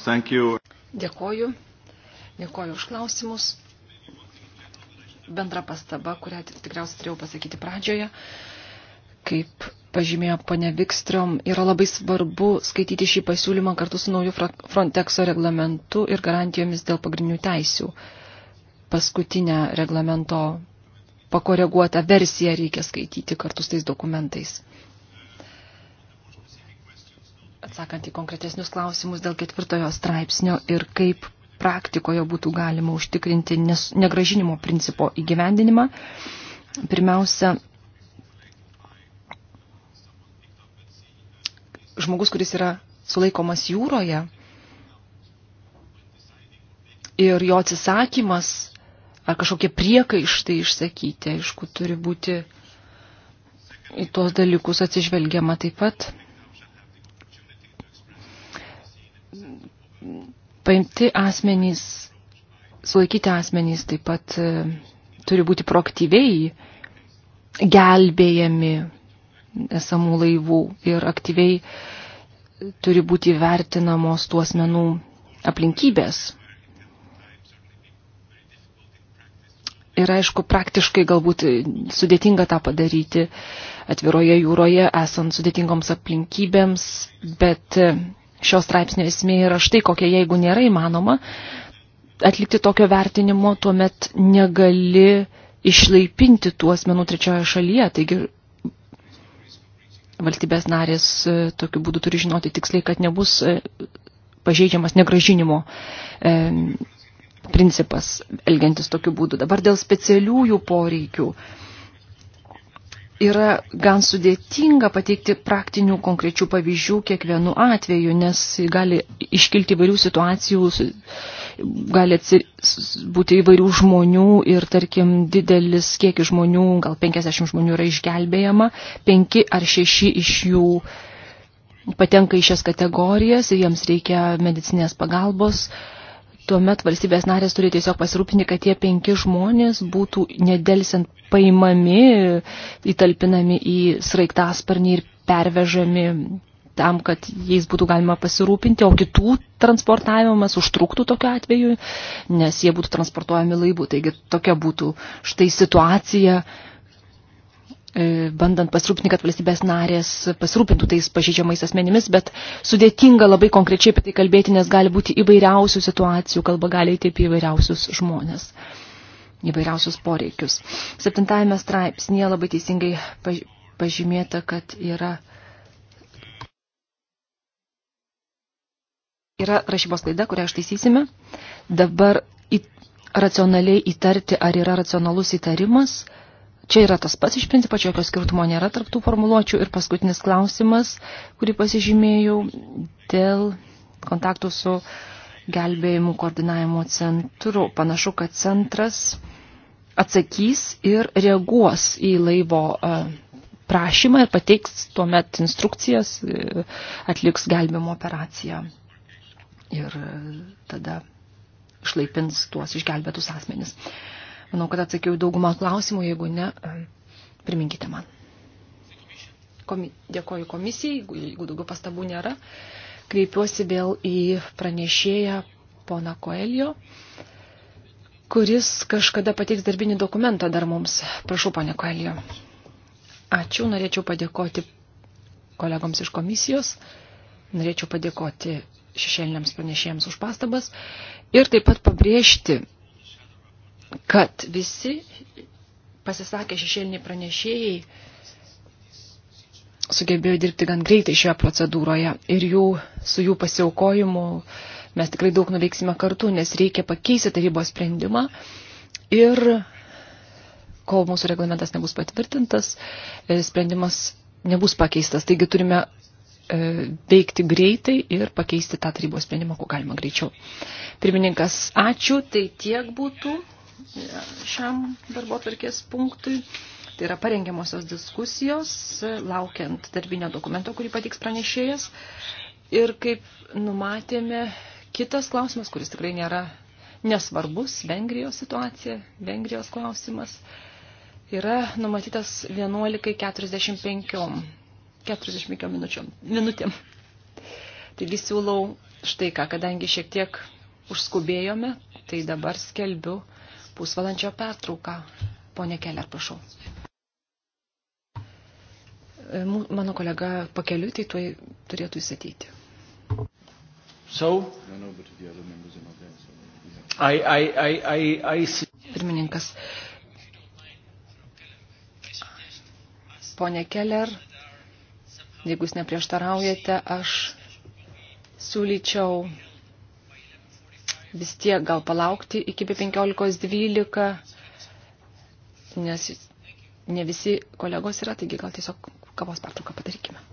Dėkuoju. Dėkuoju už klausimus. Bendra pastaba, kurią tikriausiai turėjau pasakyti pradžioje, kaip pažymėjo ponė Vikstrom, yra labai svarbu skaityti šį pasiūlymą kartu su nauju Frontexo reglamentu ir garantijomis dėl pagrindinių teisių. Paskutinę reglamento pakoreguotą versiją reikia skaityti kartu su tais dokumentais. Atsakant į konkretesnius klausimus dėl ketvirtojo straipsnio ir kaip praktikoje būtų galima užtikrinti negražinimo principo įgyvendinimą, pirmiausia, žmogus, kuris yra sulaikomas jūroje ir jo atsisakymas ar kažkokie priekaištai išsakyti, aišku, turi būti į tuos dalykus atsižvelgiama taip pat. Paimti asmenys, sulaikyti asmenys taip pat e, turi būti proaktyviai gelbėjami esamų laivų ir aktyviai turi būti vertinamos tuos menų aplinkybės. Ir aišku, praktiškai galbūt sudėtinga tą padaryti atviroje jūroje, esant sudėtingoms aplinkybėms, bet šios straipsnio esmė yra štai kokia, jeigu nėra įmanoma atlikti tokio vertinimo, tuomet negali išlaipinti tų asmenų trečioje šalyje. Taigi valstybės narės e, tokiu būdu turi žinoti tiksliai, kad nebus e, pažeidžiamas negražinimo e, principas elgiantis tokiu būdu. Dabar dėl specialiųjų poreikių yra gan sudėtinga pateikti praktinių konkrečių pavyzdžių kiekvienu atveju, nes gali iškilti įvairių situacijų, gali būti įvairių žmonių ir, tarkim, didelis kiekis žmonių, gal 50 žmonių yra išgelbėjama, 5 ar 6 iš jų patenka į šias kategorijas ir jiems reikia medicinės pagalbos. Uh, tuomet valstybės narės turi tiesiog pasirūpinti, kad tie penki žmonės būtų nedelsiant paimami, įtalpinami į sraigtasparnį ir pervežami tam, kad jais būtų galima pasirūpinti, o kitų transportavimas užtruktų tokiu atveju, nes jie būtų transportuojami laivu. Taigi tokia būtų štai situacija, E, bandant pasirūpinti, kad valstybės narės pasirūpintų tais pažeidžiamais asmenimis, bet sudėtinga labai konkrečiai apie tai kalbėti, nes gali būti įvairiausių situacijų, kalba gali eiti apie įvairiausius žmonės, įvairiausius poreikius. Septintajame straipsnėje labai teisingai pažymėta, kad yra. Yra rašybos klaida, kurią ištaisysime. Dabar racionaliai įtarti, ar yra racionalus įtarimas, Čia yra tas pats iš principo, čia jokio skirtumo nėra tarptų formuluočių. Ir paskutinis klausimas, kurį pasižymėjau dėl kontaktų su gelbėjimų koordinavimo centru. Panašu, kad centras atsakys ir reaguos į laivo e, prašymą ir pateiks tuomet instrukcijas, e, atliks gelbėjimo operaciją. Ir e, tada išlaipins tuos išgelbėtus asmenis. Manau, kad atsakiau daugumą klausimų, jeigu ne, priminkite man. Komi dėkoju komisijai, jeigu, jeigu daugiau pastabų nėra. Kreipiuosi vėl į pranešėją poną Koelio, kuris kažkada pateiks darbinį dokumentą dar mums. Prašau, pane Koelio. Ačiū, norėčiau padėkoti kolegoms iš komisijos, norėčiau padėkoti šešėliniams pranešėjams už pastabas ir taip pat pabrėžti, kad visi pasisakę šešėliniai pranešėjai sugebėjo dirbti gan greitai šioje procedūroje ir jų, su jų pasiaukojimu mes tikrai daug nuveiksime kartu, nes reikia pakeisti tarybos sprendimą ir kol mūsų reglamentas nebus patvirtintas, e, sprendimas nebus pakeistas. Taigi turime e, veikti greitai ir pakeisti tą tarybos sprendimą, kuo galima greičiau. Pirmininkas, ačiū, tai tiek būtų šiam darbo tvarkės punktui. Tai yra parengiamosios diskusijos, laukiant darbinio dokumento, kurį patiks pranešėjas. Ir kaip numatėme, kitas klausimas, kuris tikrai nėra nesvarbus, Vengrijos situacija, Vengrijos klausimas, yra numatytas 11.45 45 minučiom, minutėm. Taigi siūlau štai ką, kadangi šiek tiek užskubėjome, tai dabar skelbiu pusvalandžio pertrauką. Pone Keller, prašau. E, mano kolega pakeliu, tai tuoj turėtų jis ateiti. So, I, I, I, I, I see. Pirmininkas. Pone Keller, jeigu jūs neprieštaraujate, aš siūlyčiau vis tiek gal palaukti iki 15.12, nes ne visi kolegos yra, taigi gal tiesiog kavos pertrauką padarykime.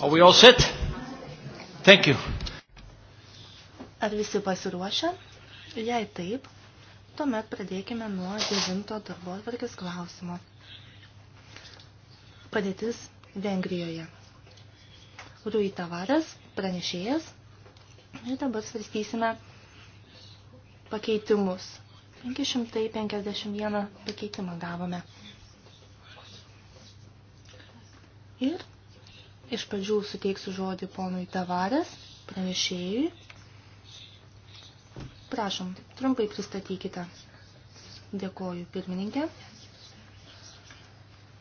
Are we all set? Thank you. Ar visi pasiruošę? Jei taip, tuomet pradėkime nuo devinto darbo atvarkės klausimo. Padėtis Vengrijoje. Rui Tavaras, pranešėjas. Ir dabar svarstysime pakeitimus. 551 pakeitimą gavome. Ir Iš pradžių suteiksiu žodį ponui Tavarės, pranešėjui. Prašom, trumpai pristatykite. Dėkoju, pirmininkė.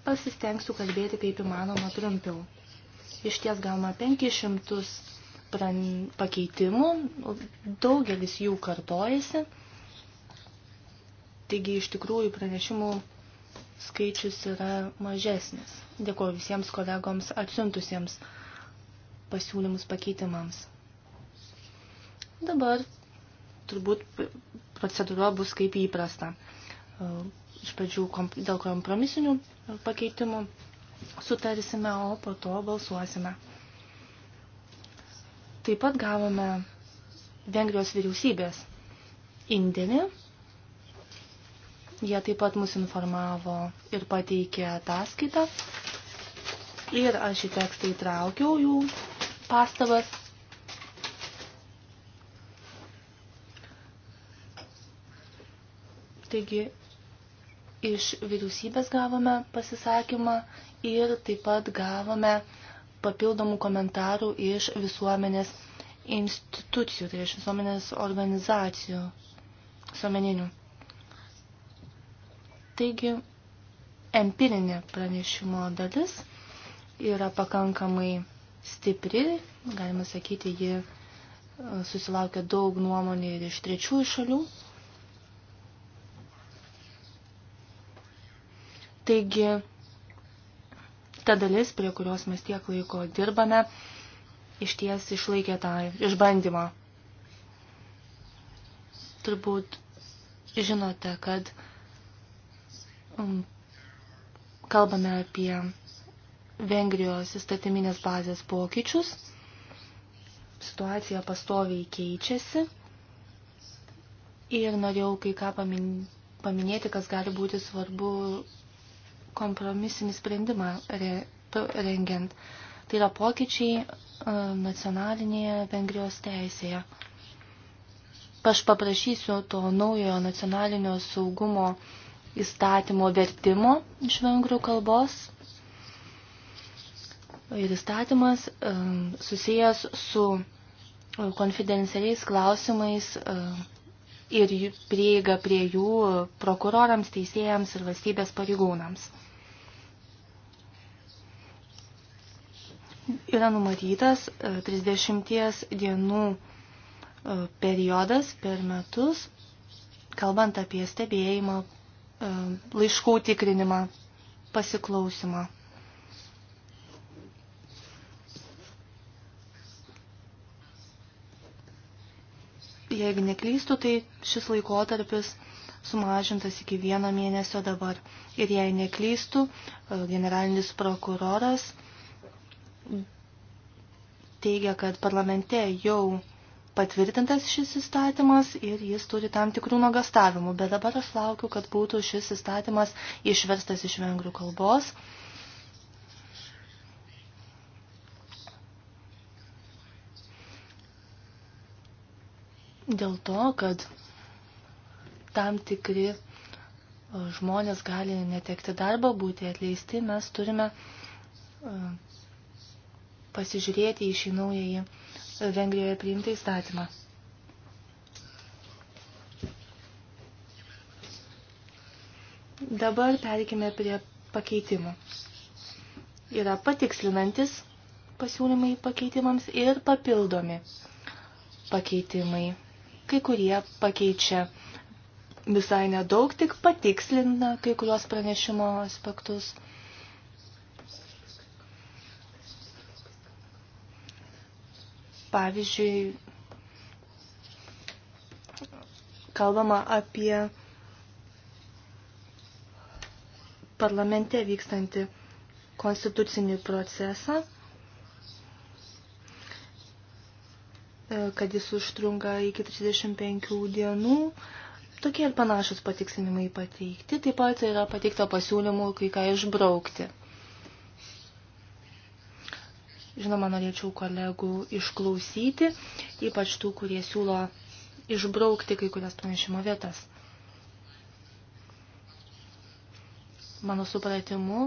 Pasistengsiu kalbėti kaip įmanoma trumpiau. Iš ties galima 500 pran... pakeitimų, daugelis jų kartojasi. Taigi iš tikrųjų pranešimų skaičius yra mažesnis. Dėkuoju visiems kolegoms atsiuntusiems pasiūlymus pakeitimams. Dabar turbūt procedūra bus kaip įprasta. Iš pradžių komp dėl kompromisinių pakeitimų sutarsime, o po to balsuosime. Taip pat gavome Vengrijos vyriausybės indėlį Jie taip pat mus informavo ir pateikė ataskaitą. Ir aš į tekstą įtraukiau jų pastabas. Taigi iš vyriausybės gavome pasisakymą ir taip pat gavome papildomų komentarų iš visuomenės institucijų, tai iš visuomenės organizacijų, visuomeninių. Taigi, empirinė pranešimo dalis yra pakankamai stipri, galima sakyti, ji e, susilaukia daug nuomonė ir iš trečiųjų šalių. Taigi, ta dalis, prie kurios mes tiek laiko dirbame, iš ties išlaikė tą išbandymą. Turbūt žinote, kad uh, Um, kalbame apie Vengrijos įstatyminės bazės pokyčius. Situacija pastoviai keičiasi. Ir norėjau kai ką paminėti, kas gali būti svarbu kompromisinį sprendimą re, rengiant. Tai yra pokyčiai uh, nacionalinėje Vengrijos teisėje. Aš paprašysiu to naujojo nacionalinio saugumo uh, įstatymo vertimo iš vengrų kalbos. Ir įstatymas susijęs su e, konfidencialiais klausimais e, ir prieiga prie jų prokurorams, teisėjams ir valstybės pareigūnams. Yra numatytas 30 e, dienų periodas per metus, kalbant apie stebėjimą E, laiškų tikrinimą, pasiklausimą. Jeigu neklystu, tai šis laikotarpis sumažintas iki vieno mėnesio dabar. Ir jei neklystų, e, generalinis prokuroras teigia, kad parlamente jau patvirtintas šis įstatymas ir jis turi tam tikrų nuogastavimų, bet dabar aš laukiu, kad būtų šis įstatymas išverstas iš vengrų kalbos. Dėl to, kad tam tikri e, žmonės gali netekti darbo, būti atleisti, mes turime e, pasižiūrėti į šį naująjį Vengrijoje priimtą įstatymą. Dabar perikime prie pakeitimų. Yra patikslinantis pasiūlymai pakeitimams ir papildomi pakeitimai. Kai kurie pakeičia visai nedaug, tik patikslina kai kurios pranešimo aspektus. Pavyzdžiui, kalbama apie parlamente vykstantį konstitucinį procesą, e, kad jis užtrunka iki 35 dienų. Tokie ir panašus patiksinimai pateikti. Taip pat yra pateikta pasiūlymų kai ką išbraukti. Žinoma, norėčiau kolegų išklausyti, ypač tų, kurie siūlo išbraukti kai kurias pranešimo vietas. Mano supratimu,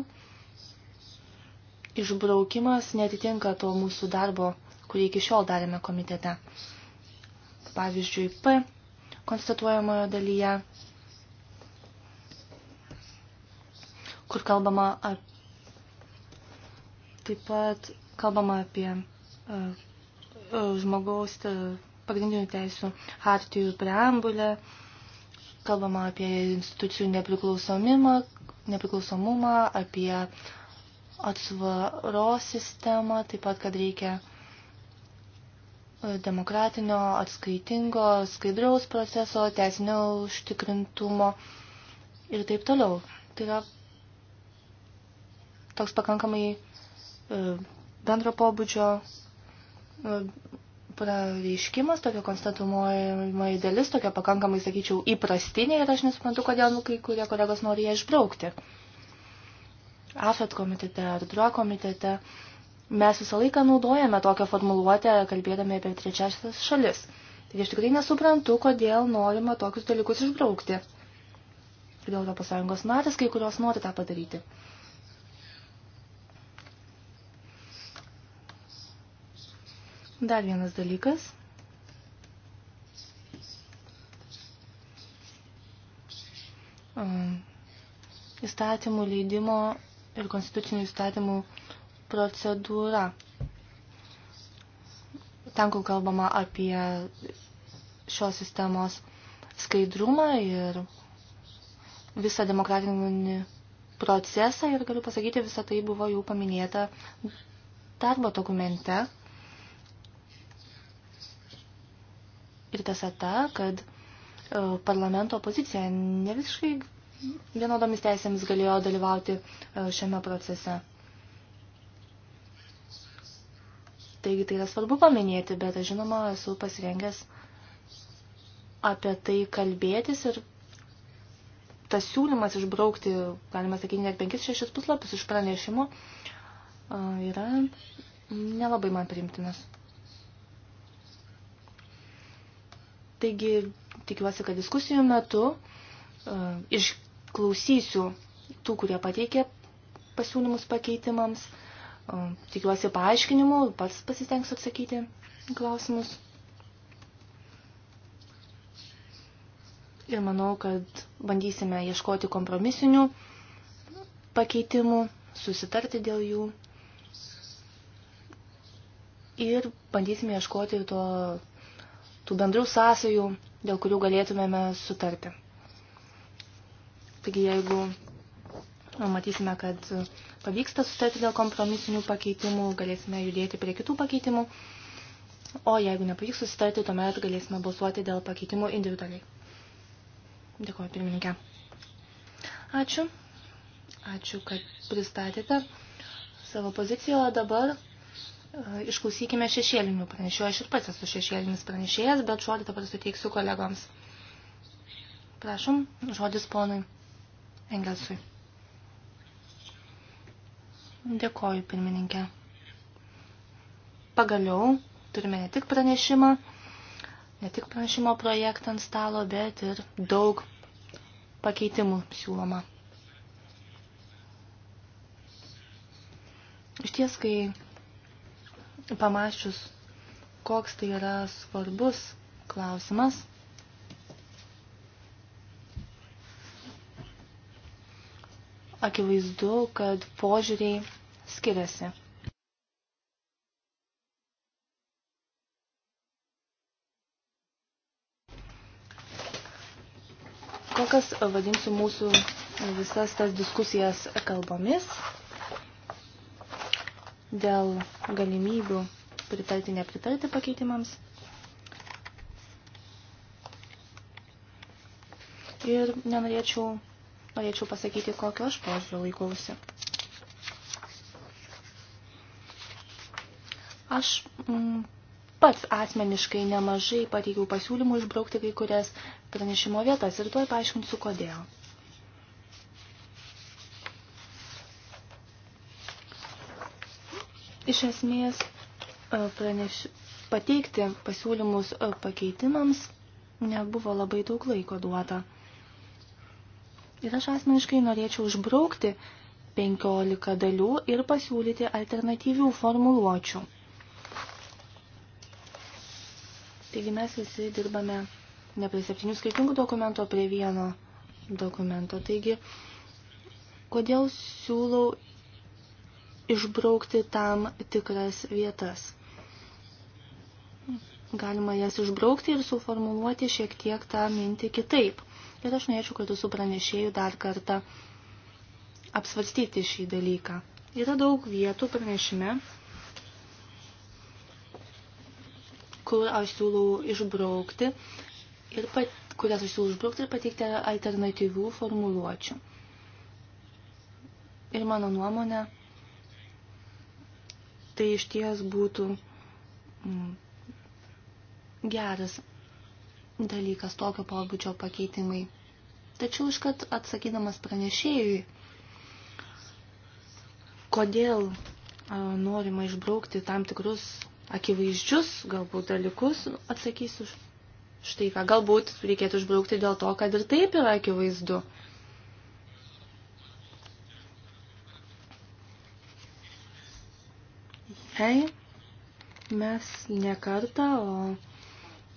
išbraukimas netitinka to mūsų darbo, kurį iki šiol darėme komitete. Pavyzdžiui, P konstatuojamojo dalyje, kur kalbama apie taip pat kalbama apie e, e, žmogaus e, pagrindinių teisų hartijų preambulę, kalbama apie institucijų nepriklausomimą, nepriklausomumą, apie atsvaros sistemą, taip pat, kad reikia demokratinio, atskaitingo, skaidraus proceso, teisinio užtikrintumo ir taip toliau. Tai yra toks pakankamai bendro pobūdžio e, pareiškimas, tokia konstatuojamoji dalis, tokia pakankamai, sakyčiau, įprastinė ir aš nesuprantu, kodėl nu kai kurie kolegos nori ją išbraukti. AFET komitete ar DRO komitete mes visą laiką naudojame tokią formuluotę, kalbėdami apie trečiasias šalis. Taigi aš tikrai nesuprantu, kodėl norima tokius dalykus išbraukti. Kodėl Europos Sąjungos narės kai kurios nori tą padaryti. Dar vienas dalykas. Įstatymų leidimo ir konstitucinių įstatymų procedūra. Ten, kur kalbama apie šios sistemos skaidrumą ir visą demokratinį procesą ir galiu pasakyti, visą tai buvo jau paminėta darbo dokumente. Ir tiesa ta, kad e, parlamento opozicija ne visiškai vienodomis teisėmis galėjo dalyvauti e, šiame procese. Taigi tai yra svarbu paminėti, bet aš žinoma esu pasirengęs apie tai kalbėtis ir tas siūlymas išbraukti, galima sakyti, net 5-6 puslapius iš pranešimo e, yra nelabai man priimtinas. Taigi tikiuosi, kad diskusijų metu uh, išklausysiu tų, kurie pateikė pasiūlymus pakeitimams. Uh, tikiuosi paaiškinimų, pats pasistengsiu atsakyti klausimus. Ir manau, kad bandysime ieškoti kompromisinių pakeitimų, susitarti dėl jų ir bandysime ieškoti to tų bendrų sąsajų, dėl kurių galėtumėme sutarti. Taigi jeigu matysime, kad pavyksta sutarti dėl kompromisinių pakeitimų, galėsime judėti prie kitų pakeitimų, o jeigu nepavyks susitarti, tuomet galėsime balsuoti dėl pakeitimų individualiai. Dėkuoju, pirmininkė. Ačiū. Ačiū, kad pristatėte savo poziciją, o dabar išklausykime šešėlinių pranešėjų. Aš ir pats esu šešėlinis pranešėjas, bet žodį dabar suteiksiu kolegoms. Prašom, žodis ponui Engelsui. Dėkoju, pirmininkė. Pagaliau turime ne tik pranešimą, ne tik pranešimo projektą ant stalo, bet ir daug pakeitimų siūloma. Iš ties, kai pamačius, koks tai yra svarbus klausimas, akivaizdu, kad požiūriai skiriasi. Kol kas vadinsiu mūsų visas tas diskusijas kalbomis dėl galimybių pritarti, nepritarti pakeitimams. Ir nenorėčiau, norėčiau pasakyti, kokio aš požiūrio laikausi. Aš mm, pats asmeniškai nemažai pateikiau pasiūlymų išbraukti kai kurias pranešimo vietas ir tuoj paaiškinsiu kodėl. iš esmės e, praneš, pateikti pasiūlymus e, pakeitimams nebuvo labai daug laiko duota. Ir aš asmeniškai norėčiau užbraukti 15 dalių ir pasiūlyti alternatyvių formuluočių. Taigi mes visi dirbame ne prie septynių skirtingų dokumentų, o prie vieno dokumento. Taigi, kodėl siūlau išbraukti tam tikras vietas. Galima jas išbraukti ir suformuluoti šiek tiek tą mintį kitaip. Ir aš norėčiau kartu su pranešėju dar kartą apsvarstyti šį dalyką. Yra daug vietų pranešime, kur aš siūlau išbraukti ir pat, kurias aš siūlau išbraukti ir pateikti alternatyvių formuluočių. Ir mano nuomonė, tai iš ties būtų mm, geras dalykas tokio pobūdžio pakeitimai. Tačiau iškart atsakydamas pranešėjui, kodėl norima išbraukti tam tikrus akivaizdžius galbūt dalykus, atsakysiu štai ką. Galbūt reikėtų išbraukti dėl to, kad ir taip yra akivaizdu. Hei, mes ne kartą, o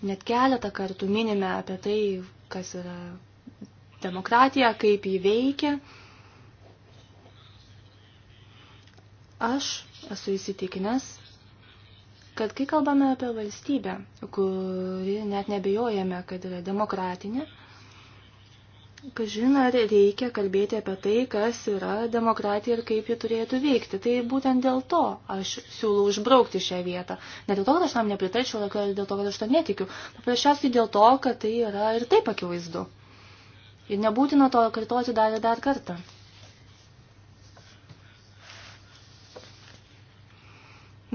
net keletą kartų minime apie tai, kas yra demokratija, kaip jį veikia. Aš esu įsitikinęs, kad kai kalbame apie valstybę, kuri net nebejojame, kad yra demokratinė, Kažin ar reikia kalbėti apie tai, kas yra demokratija ir kaip ji turėtų veikti. Tai būtent dėl to aš siūlau užbraukti šią vietą. Ne dėl to, kad aš tam nepritarčiau, ar dėl to, kad aš to netikiu. Paprasčiausiai dėl to, kad tai yra ir taip akivaizdu. Ir nebūtina to kartuoti dar ir dar kartą.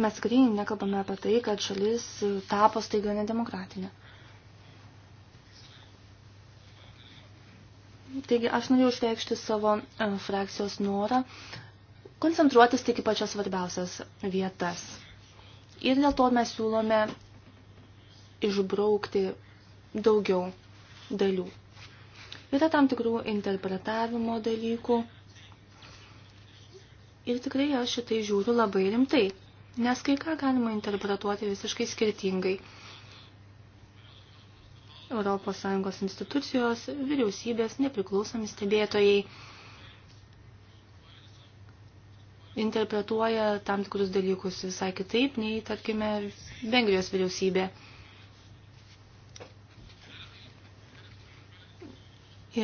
Mes tikrai nekalbame apie tai, kad šalis tapo staiga nedemokratinė. demokratinė. Taigi aš norėjau išreikšti savo e, frakcijos norą koncentruotis tik į pačias svarbiausias vietas. Ir dėl to mes siūlome išbraukti daugiau dalių. Yra tam tikrų interpretavimo dalykų. Ir tikrai aš šitai žiūriu labai rimtai, nes kai ką galima interpretuoti visiškai skirtingai. ES institucijos, vyriausybės, nepriklausomi stebėtojai interpretuoja tam tikrus dalykus visai kitaip nei, tarkime, Vengrijos vyriausybė.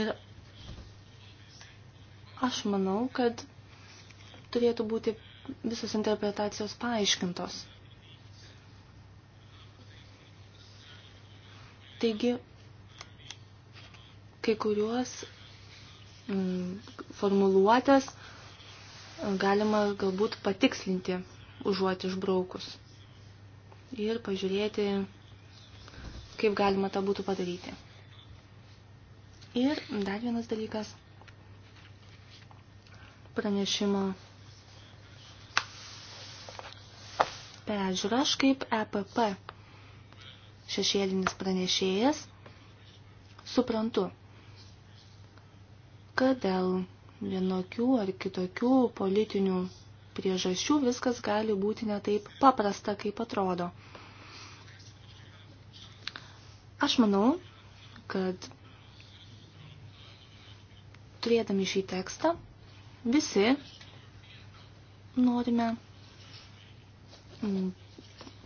Ir aš manau, kad turėtų būti visos interpretacijos paaiškintos. Taigi, kai kuriuos mm, formuluotės e, galima galbūt patikslinti užuot išbraukus ir pažiūrėti, kaip galima tą būtų padaryti. Ir dar vienas dalykas pranešimo peržiūra, aš kaip EPP šešėlinis pranešėjas, suprantu, kad dėl vienokių ar kitokių politinių priežasčių viskas gali būti ne taip paprasta, kaip atrodo. Aš manau, kad turėdami šį tekstą visi norime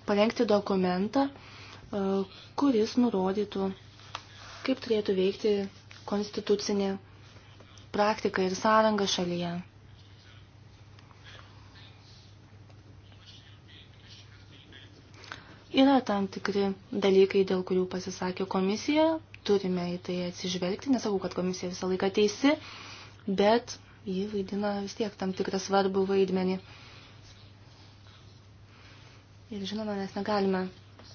parengti dokumentą, E, kuris nurodytų, kaip turėtų veikti konstitucinė praktika ir sąranga šalyje. Yra tam tikri dalykai, dėl kurių pasisakė komisija, turime į tai atsižvelgti, nesakau, kad komisija visą laiką teisi, bet ji vaidina vis tiek tam tikrą svarbų vaidmenį. Ir žinoma, mes negalime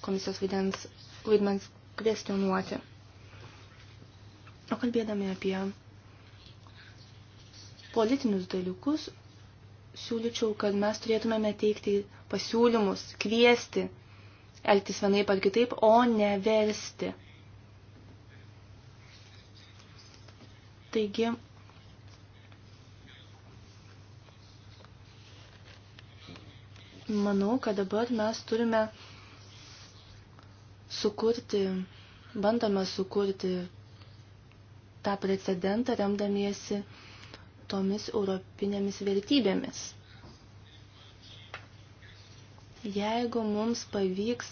komisijos vaidens, vaidmens kvestionuoti. O kalbėdami apie politinius dalykus, siūlyčiau, kad mes turėtumėme teikti pasiūlymus, kviesti, elgtis vienaip ar kitaip, o ne versti. Taigi, manau, kad dabar mes turime sukurti, bandome sukurti tą precedentą remdamiesi tomis europinėmis vertybėmis. Jeigu mums pavyks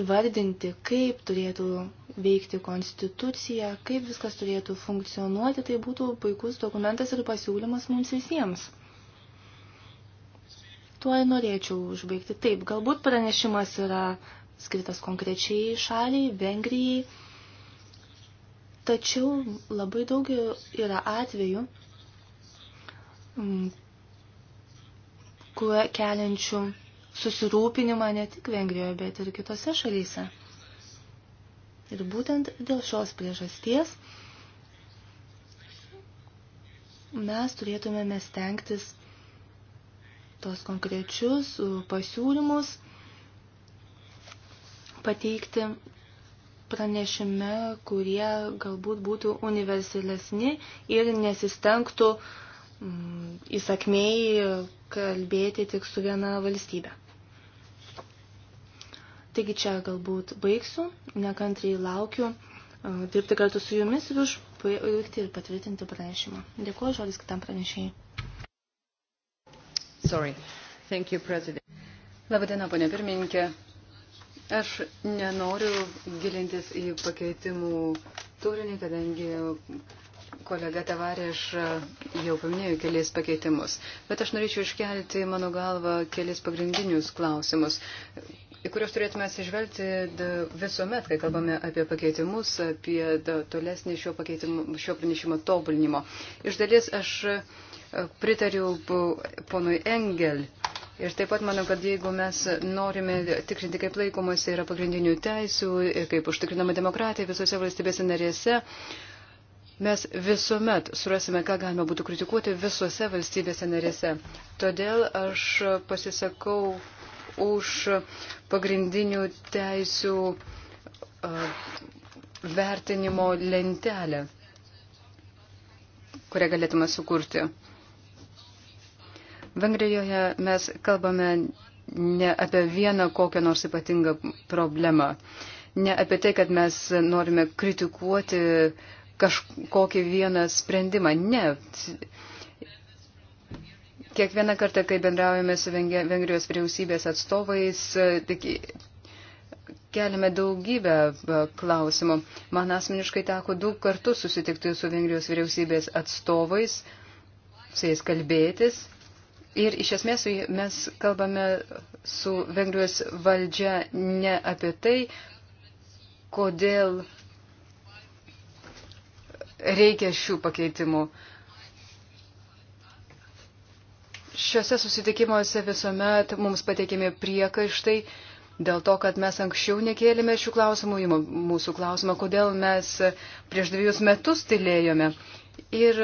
įvardinti, kaip turėtų veikti konstitucija, kaip viskas turėtų funkcionuoti, tai būtų puikus dokumentas ir pasiūlymas mums visiems. Tuo ir norėčiau užbaigti. Taip, galbūt pranešimas yra skirtas konkrečiai šaliai, Vengrijai. Tačiau labai daug yra atvejų, mm, kuo keliančių susirūpinimą ne tik Vengrijoje, bet ir kitose šalyse. Ir būtent dėl šios priežasties mes turėtumėme stengtis tos konkrečius uh, pasiūlymus pateikti pranešime, kurie galbūt būtų universalesni ir nesistengtų mm, įsakmiai kalbėti tik su viena valstybė. Taigi čia galbūt baigsiu, nekantriai laukiu e, dirbti kartu su jumis ir užbaigti ir patvirtinti pranešimą. Dėkuoju žodis kitam pranešėjai. Sorry. Thank you, President. Labadiena, ponė pirmininkė. Aš nenoriu gilintis į pakeitimų turinį, kadangi kolega Tavarėš jau paminėjo kelias pakeitimus. Bet aš norėčiau iškelti mano galvą kelias pagrindinius klausimus, į kuriuos turėtume atsižvelgti visuomet, kai kalbame apie pakeitimus, apie tolesnį šio, šio pranešimo tobulinimo. Iš dalies aš pritariu ponui Engel Ir taip pat manau, kad jeigu mes norime tikrinti, kaip laikomasi yra pagrindinių teisų ir kaip užtikrinama demokratija visose valstybėse narėse, mes visuomet surasime, ką galima būtų kritikuoti visose valstybėse narėse. Todėl aš pasisakau už pagrindinių teisų vertinimo lentelę, kurią galėtume sukurti. Vengrijoje mes kalbame ne apie vieną kokią nors ypatingą problemą, ne apie tai, kad mes norime kritikuoti kažkokį vieną sprendimą. Ne. Kiekvieną kartą, kai bendraujame su Vengrijos vyriausybės atstovais, tik keliame daugybę klausimų. Man asmeniškai teko daug kartų susitikti su Vengrijos vyriausybės atstovais, su jais kalbėtis Ir iš esmės mes kalbame su Vengrijos valdžia ne apie tai, kodėl reikia šių pakeitimų. Šiuose susitikimuose visuomet mums pateikėme priekaištai dėl to, kad mes anksčiau nekėlėme šių klausimų į mūsų klausimą, kodėl mes prieš dviejus metus tylėjome. Ir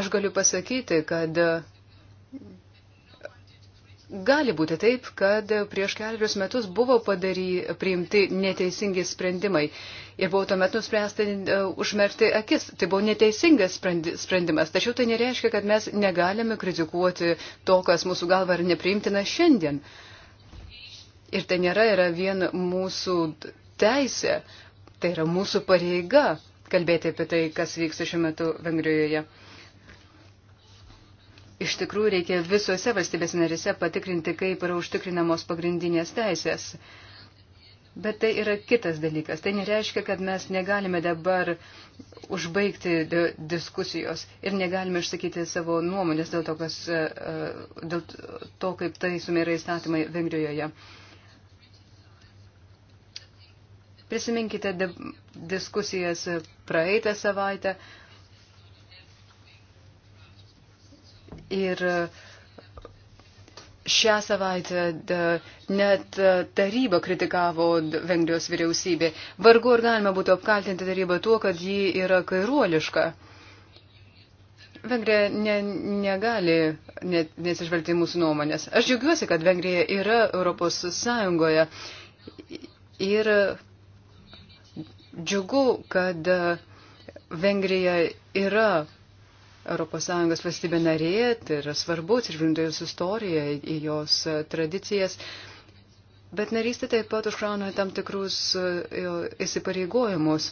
aš galiu pasakyti, kad Gali būti taip, kad prieš kelius metus buvo padary, priimti neteisingi sprendimai ir buvo tuomet nuspręsta uh, užmerkti akis. Tai buvo neteisingas sprendimas, tačiau tai nereiškia, kad mes negalime kritikuoti to, kas mūsų galva yra nepriimtina šiandien. Ir tai nėra yra vien mūsų teisė, tai yra mūsų pareiga kalbėti apie tai, kas vyksta šiuo metu Vengrijoje iš tikrųjų reikia visose valstybės narise patikrinti, kaip yra užtikrinamos pagrindinės teisės. Bet tai yra kitas dalykas. Tai nereiškia, kad mes negalime dabar užbaigti diskusijos ir negalime išsakyti savo nuomonės dėl to, kas, e, e, dėl to kaip taisumi yra įstatymai Vengrijoje. Prisiminkite diskusijas praeitą savaitę, Ir e, šią savaitę e, net e, taryba kritikavo Vengrijos vyriausybė. Vargu ar galima būtų apkaltinti tarybą tuo, kad ji yra kairuoliška. Vengrija ne, negali net, nesižvelgti mūsų nuomonės. Aš džiaugiuosi, kad Vengrija yra Europos Sąjungoje ir džiugu, kad Vengrija yra ES valstybė narė, tai yra svarbu, atsižvelgiant į jos istoriją, į jos e, tradicijas. Bet narystė taip pat užkrauna tam tikrus e, įsipareigojimus.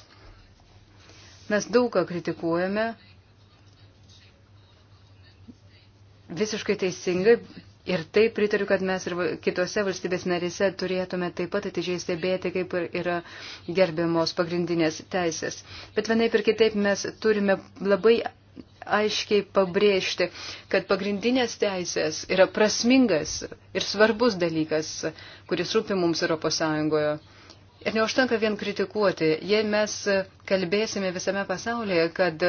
Mes daugą kritikuojame, visiškai teisingai, Ir tai pritariu, kad mes ir kitose valstybės narėse turėtume taip pat atidžiai stebėti, kaip yra gerbiamos pagrindinės teisės. Bet vienaip ir kitaip mes turime labai aiškiai pabrėžti, kad pagrindinės teisės yra prasmingas ir svarbus dalykas, kuris rūpi mums ES. Ir neužtenka vien kritikuoti, jei mes kalbėsime visame pasaulyje, kad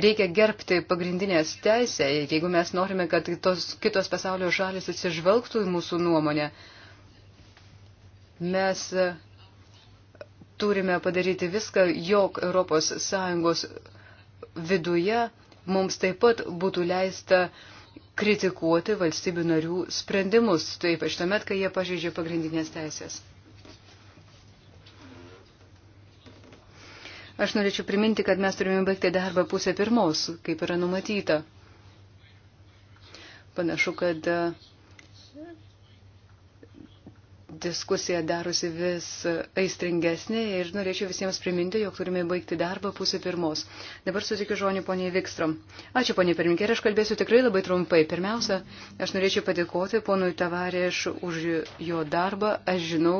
reikia gerbti pagrindinės teisę, jeigu mes norime, kad tos, kitos pasaulio šalis atsižvelgtų į mūsų nuomonę, mes turime padaryti viską, jog ES viduje mums taip pat būtų leista kritikuoti valstybių narių sprendimus, taip iš tuomet, kai jie pažeidžia pagrindinės teisės. Aš norėčiau priminti, kad mes turime baigti darbą pusę pirmos, kaip yra numatyta. Panašu, kad uh, diskusija darosi vis aistringesnė ir norėčiau visiems priminti, jog turime baigti darbą pusę pirmos. Dabar sutikiu žonį poniai Vikstrom. Ačiū poniai pirminkė ir aš kalbėsiu tikrai labai trumpai. Pirmiausia, aš norėčiau padėkoti ponui Tavarėš už jo darbą. Aš žinau,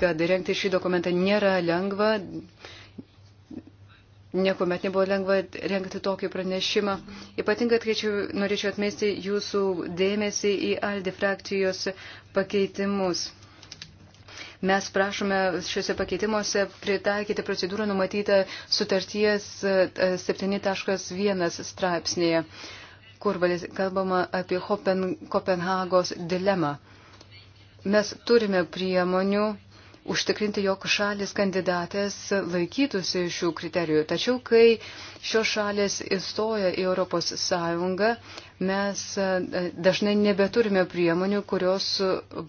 kad rengti šį dokumentą nėra lengva. Niekuomet nebuvo lengva rengti tokį pranešimą. Ypatingai atkrečiu, norėčiau atmesti jūsų dėmesį į Aldi frakcijos pakeitimus. Mes prašome šiuose pakeitimuose pritaikyti procedūrą numatytą sutarties 7.1 e, straipsnėje, kur kalbama apie Kopenhagos dilemą. Mes turime priemonių užtikrinti, jog šalis kandidatės laikytųsi šių kriterijų. Tačiau, kai šios šalis įstoja į Europos Sąjungą, mes e, dažnai nebeturime priemonių, kurios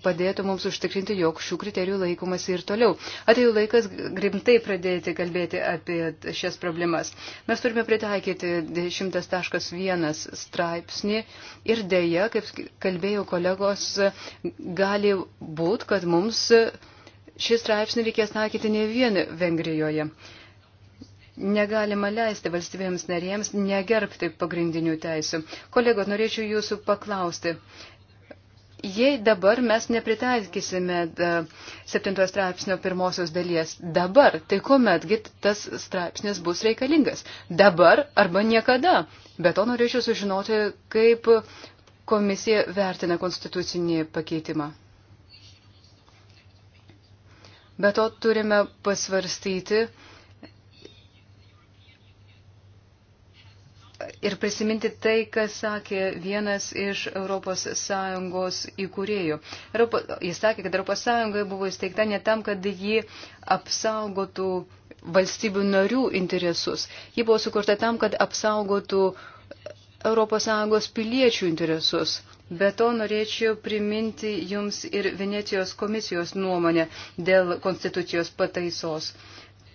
padėtų mums užtikrinti, jog šių kriterijų laikomasi ir toliau. Atėjo laikas rimtai pradėti kalbėti apie šias problemas. Mes turime pritaikyti 100.1 straipsnį ir dėja, kaip kalbėjo kolegos, gali būt, kad mums šį straipsnį reikės taikyti ne vien Vengrijoje. Negalima leisti valstybėms narėms negerbti pagrindinių teisų. Kolegos, norėčiau jūsų paklausti. Jei dabar mes nepritaikysime 7 e, straipsnio pirmosios dalies, dabar, tai kuometgi tas straipsnis bus reikalingas? Dabar arba niekada. Bet to norėčiau sužinoti, kaip komisija vertina konstitucinį pakeitimą. Be to turime pasvarstyti, ir prisiminti tai, kas sakė vienas iš ES įkūrėjų. Europo, jis sakė, kad ES buvo įsteigta ne tam, kad ji apsaugotų valstybių narių interesus. Ji buvo sukurta tam, kad apsaugotų ES piliečių interesus. Be to norėčiau priminti jums ir Venecijos komisijos nuomonę dėl konstitucijos pataisos.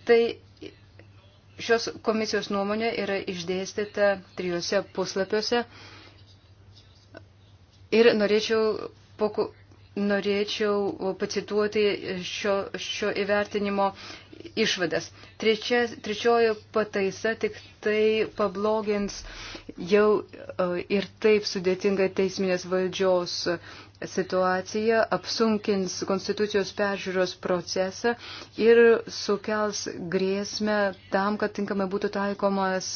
Tai Šios komisijos nuomonė yra išdėstyta trijose puslapiuose ir norėčiau, poku, norėčiau pacituoti šio, šio įvertinimo išvadas. Trečia, trečioji pataisa tik tai pablogins jau e, ir taip sudėtingą teisminės valdžios situacija apsunkins konstitucijos peržiūros procesą ir sukels grėsmę tam, kad tinkamai būtų taikomas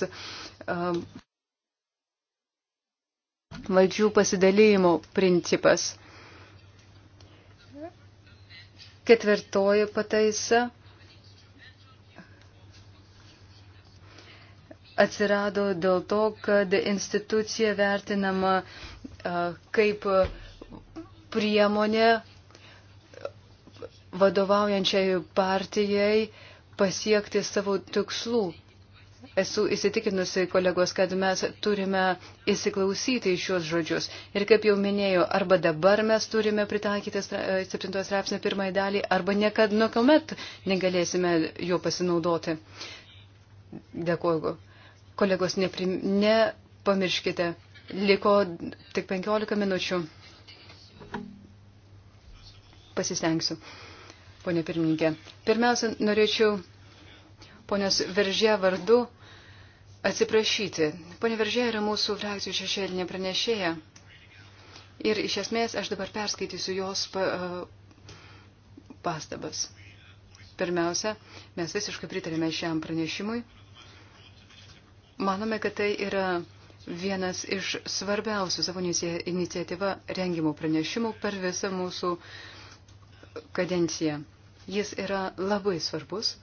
um, valdžių pasidalymo principas. Ketvirtoji pataisa atsirado dėl to, kad institucija vertinama uh, kaip uh, priemonė vadovaujančiai partijai pasiekti savo tikslų. Esu įsitikinusi, kolegos, kad mes turime įsiklausyti į šios žodžius. Ir kaip jau minėjau, arba dabar mes turime pritaikyti 7 e, straipsnio pirmąją dalį, arba niekad nuokomet negalėsime jo pasinaudoti. Dėkuoju. Kolegos, neprim, nepamirškite, liko tik 15 minučių pasistengsiu, ponė pirmininkė. Pirmiausia, norėčiau ponios Veržė vardu atsiprašyti. Pone Veržė yra mūsų frakcijų šešėlinė pranešėja. Ir iš esmės aš dabar perskaitysiu jos e, pastabas. Pirmiausia, mes visiškai pritarėme šiam pranešimui. Manome, kad tai yra vienas iš svarbiausių savo iniciatyvą rengimų pranešimų per visą mūsų uh, kadenciją. Jis yra labai svarbus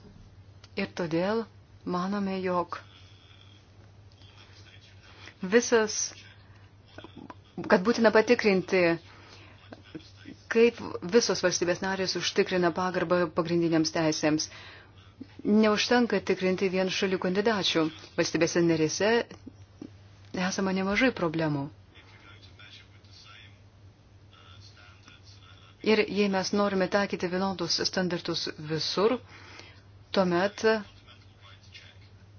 ir todėl manome, jog visas, kad būtina patikrinti, kaip visos valstybės narės užtikrina pagarbą pagrindiniams teisėms. Neužtenka tikrinti vien šalių kandidačių. Valstybėse narėse esama nemažai problemų. Ir jei mes norime taikyti vienodus standartus visur, tuomet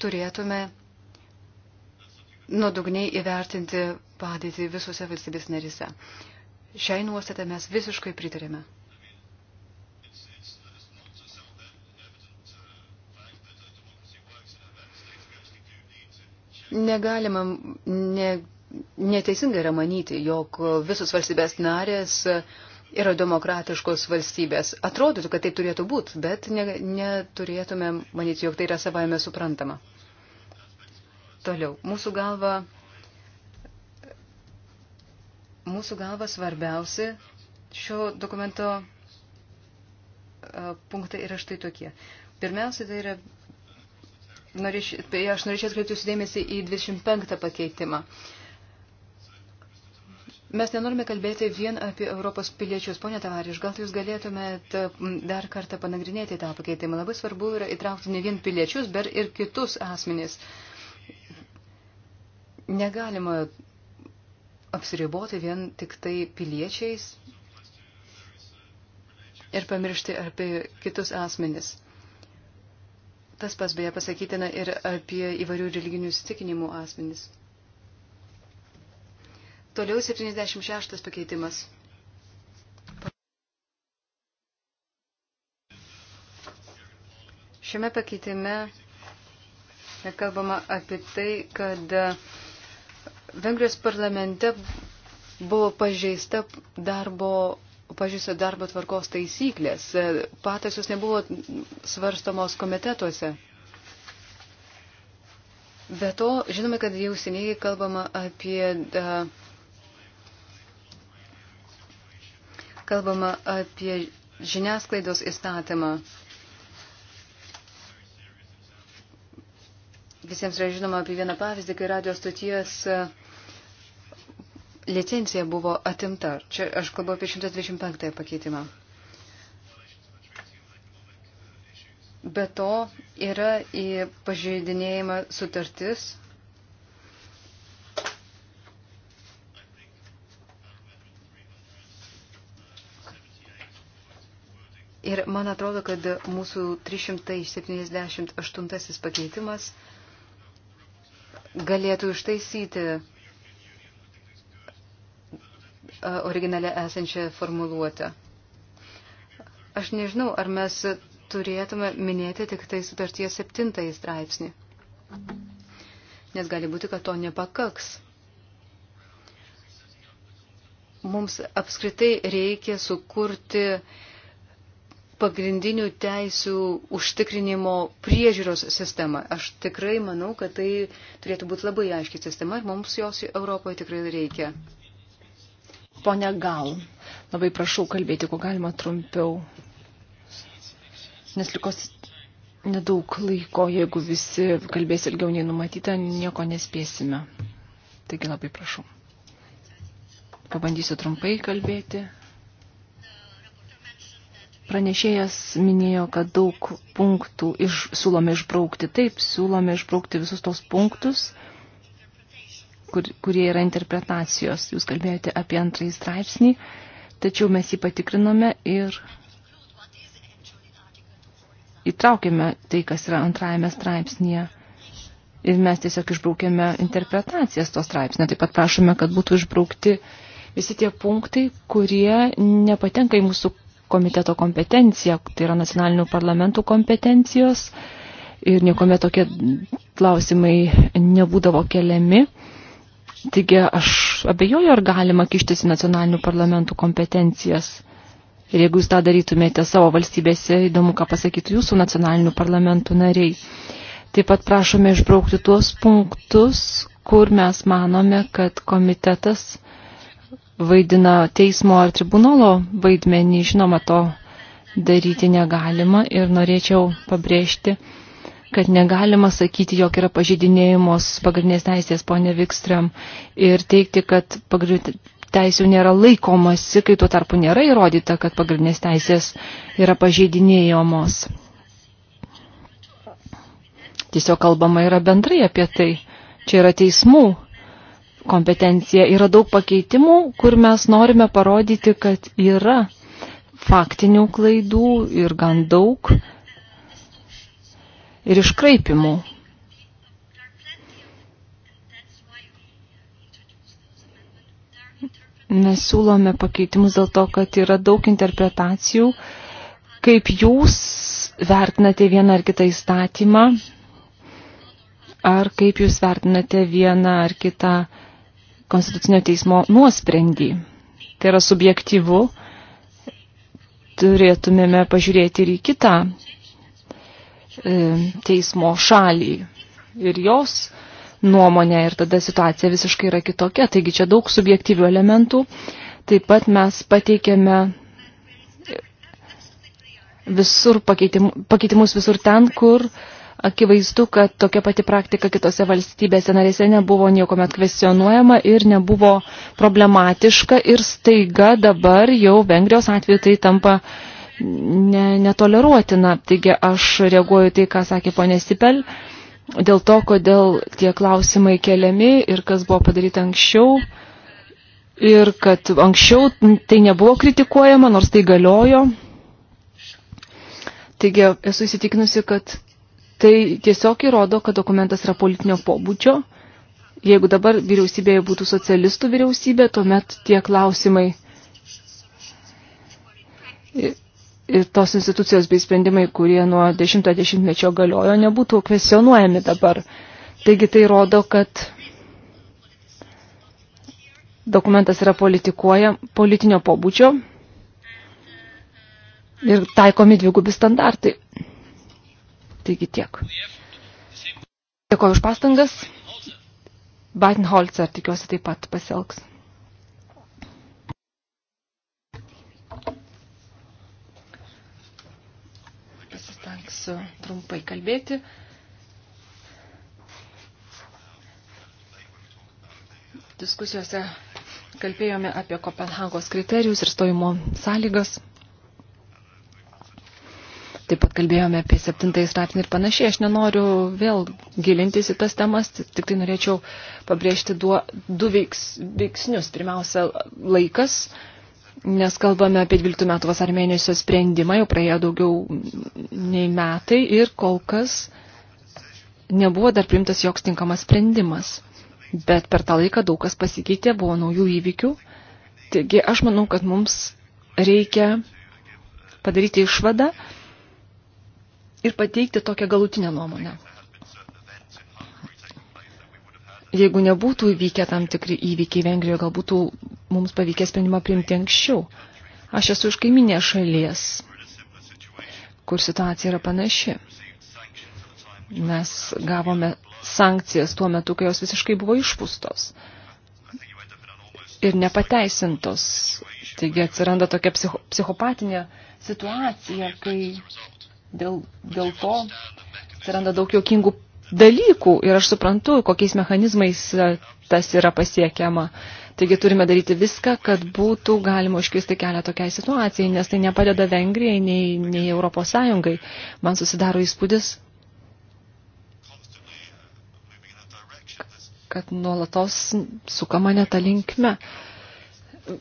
turėtume nuodugniai įvertinti padėtį visose valstybės narise. Šiai nuostatą mes visiškai pritarėme. Negalima, ne, neteisingai yra manyti, jog visos valstybės narės uh, yra demokratiškos valstybės. Atrodytų, kad taip turėtų būti, bet ne, neturėtume manyti, jog tai yra savaime suprantama. Toliau, mūsų galva, mūsų galva svarbiausi šio dokumento punktai yra štai tokie. Pirmiausia, tai yra, norėš, tai aš norėčiau atkreipti jūsų dėmesį į 25 pakeitimą. Uh, Mes nenorime kalbėti vien apie Europos piliečius. Pone Tavariš, gal jūs galėtumėt dar kartą panagrinėti tą pakeitimą. Labai svarbu yra įtraukti ne vien piliečius, bet ir kitus asmenys. Negalima apsiriboti vien tik tai piliečiais ir pamiršti apie kitus asmenys. Tas pas beje pasakytina ir apie įvairių religinių įsitikinimų asmenys. Toliau 76 pakeitimas. Šiame pakeitime kalbama apie tai, kad Vengrijos parlamente buvo pažeista darbo, pažeista darbo tvarkos taisyklės. Pataisos nebuvo svarstomos komitetuose. Be to, žinome, kad jau seniai kalbama apie da, kalbama apie žiniasklaidos įstatymą. Visiems yra žinoma apie vieną pavyzdį, kai radio stoties e, licencija buvo atimta. Čia aš kalbu apie 125 pakeitimą. Be to yra į pažeidinėjimą sutartis Ir man atrodo, kad mūsų 378 pakeitimas galėtų ištaisyti originalę esančią formuluotę. Aš nežinau, ar mes turėtume minėti tik tai sutarties septintąjį straipsnį. Nes gali būti, kad to nepakaks. Mums apskritai reikia sukurti uh, pagrindinių teisų užtikrinimo priežiūros sistemą. Aš tikrai manau, kad tai turėtų būti labai aiški sistema ir mums jos Europoje tikrai reikia. Pone Gal, labai prašau kalbėti, kuo galima trumpiau, nes likos nedaug laiko, jeigu visi kalbės ilgiau nei numatyta, nieko nespėsime. Taigi labai prašau. Pabandysiu trumpai kalbėti. Pranešėjas minėjo, kad daug punktų iš, siūlome išbraukti. Taip, siūlome išbraukti visus tos punktus, kur, kurie yra interpretacijos. Jūs kalbėjote apie antrąjį straipsnį, tačiau mes jį patikrinome ir įtraukėme tai, kas yra antrajame straipsnėje. Ir mes tiesiog išbraukėme interpretacijas to straipsnio. Taip pat prašome, kad būtų išbraukti visi tie punktai, kurie nepatenka į mūsų komiteto kompetencija, tai yra nacionalinių parlamentų kompetencijos ir niekuomet tokie klausimai nebūdavo keliami. Taigi aš abejoju, ar galima kištis į nacionalinių parlamentų kompetencijas. Ir jeigu jūs tą darytumėte savo valstybėse, įdomu, ką pasakytų jūsų nacionalinių parlamentų nariai. Taip pat prašome išbraukti tuos punktus, kur mes manome, kad komitetas vaidina teismo ar tribunolo vaidmenį, žinoma, to daryti negalima ir norėčiau pabrėžti, kad negalima sakyti, jog yra pažydinėjimos pagrindinės teisės, ponė Vikstrėm, ir teikti, kad pagrindinės teisų nėra laikomasi, kai tuo tarpu nėra įrodyta, kad pagrindinės teisės yra pažeidinėjomos. Tiesiog kalbama yra bendrai apie tai. Čia yra teismų kompetencija. Yra daug pakeitimų, kur mes norime parodyti, kad yra faktinių klaidų ir gan daug ir iškraipimų. Mes siūlome pakeitimus dėl to, kad yra daug interpretacijų, kaip jūs vertinate vieną ar kitą įstatymą, ar kaip jūs vertinate vieną ar kitą įstatymą konstitucinio teismo nuosprendį. Tai yra subjektyvu, turėtumėme pažiūrėti ir į kitą e, teismo šalį ir jos nuomonę ir tada situacija visiškai yra kitokia. Taigi čia daug subjektyvių elementų. Taip pat mes pateikėme visur pakeitimus, pakeitimus visur ten, kur uh, akivaizdu, kad tokia pati praktika kitose valstybėse narėse nebuvo niekuomet kvestionuojama ir nebuvo problematiška ir staiga dabar jau Vengrijos atveju tai tampa ne, netoleruotina. Taigi aš reaguoju tai, ką sakė ponė Sipel, dėl to, kodėl tie klausimai keliami ir kas buvo padaryta anksčiau. Ir kad anksčiau tai nebuvo kritikuojama, nors tai galiojo. Taigi esu įsitikinusi, kad Tai tiesiog įrodo, kad dokumentas yra politinio pobūdžio. Jeigu dabar vyriausybėje būtų socialistų vyriausybė, tuomet tie klausimai ir tos institucijos bei sprendimai, kurie nuo 10-mečio galiojo, nebūtų kvesionuojami dabar. Taigi tai rodo, kad dokumentas yra politinio pobūdžio ir taikomi dvigubi standartai. Taigi tiek. Dėkoju už pastangas. Badenholzer tikiuosi taip pat pasielgs. Pasistengsiu trumpai kalbėti. Diskusijose kalbėjome apie Kopenhagos kriterijus ir stojimo sąlygas. Taip pat kalbėjome apie septintąjį straipsnį ir panašiai. Aš nenoriu vėl gilintis į tas temas, tik tai norėčiau pabrėžti du, du veiks, veiksnius. Pirmiausia, laikas, nes kalbame apie 12 metų vasar mėnesio sprendimą, jau praėjo daugiau nei metai ir kol kas nebuvo dar primtas joks tinkamas sprendimas. Bet per tą laiką daug kas pasikeitė, buvo naujų įvykių. Taigi aš manau, kad mums reikia padaryti išvadą, ir pateikti tokią galutinę nuomonę. Jeigu nebūtų įvykę tam tikri įvykiai Vengrijoje, gal būtų mums pavykę sprendimą priimti anksčiau. Aš esu iš kaiminės šalies, kur situacija yra panaši. Mes gavome sankcijas tuo metu, kai jos visiškai buvo išpūstos ir nepateisintos. Taigi atsiranda tokia psicho, psichopatinė situacija, kai Dėl, dėl to atsiranda daug jokingų dalykų ir aš suprantu, kokiais mechanizmais e, tas yra pasiekiama. Taigi turime daryti viską, kad būtų galima užkirsti kelią tokiai situacijai, nes tai nepadeda Vengrijai nei, nei Europos Sąjungai. Man susidaro įspūdis, kad nuolatos sukama netą linkme.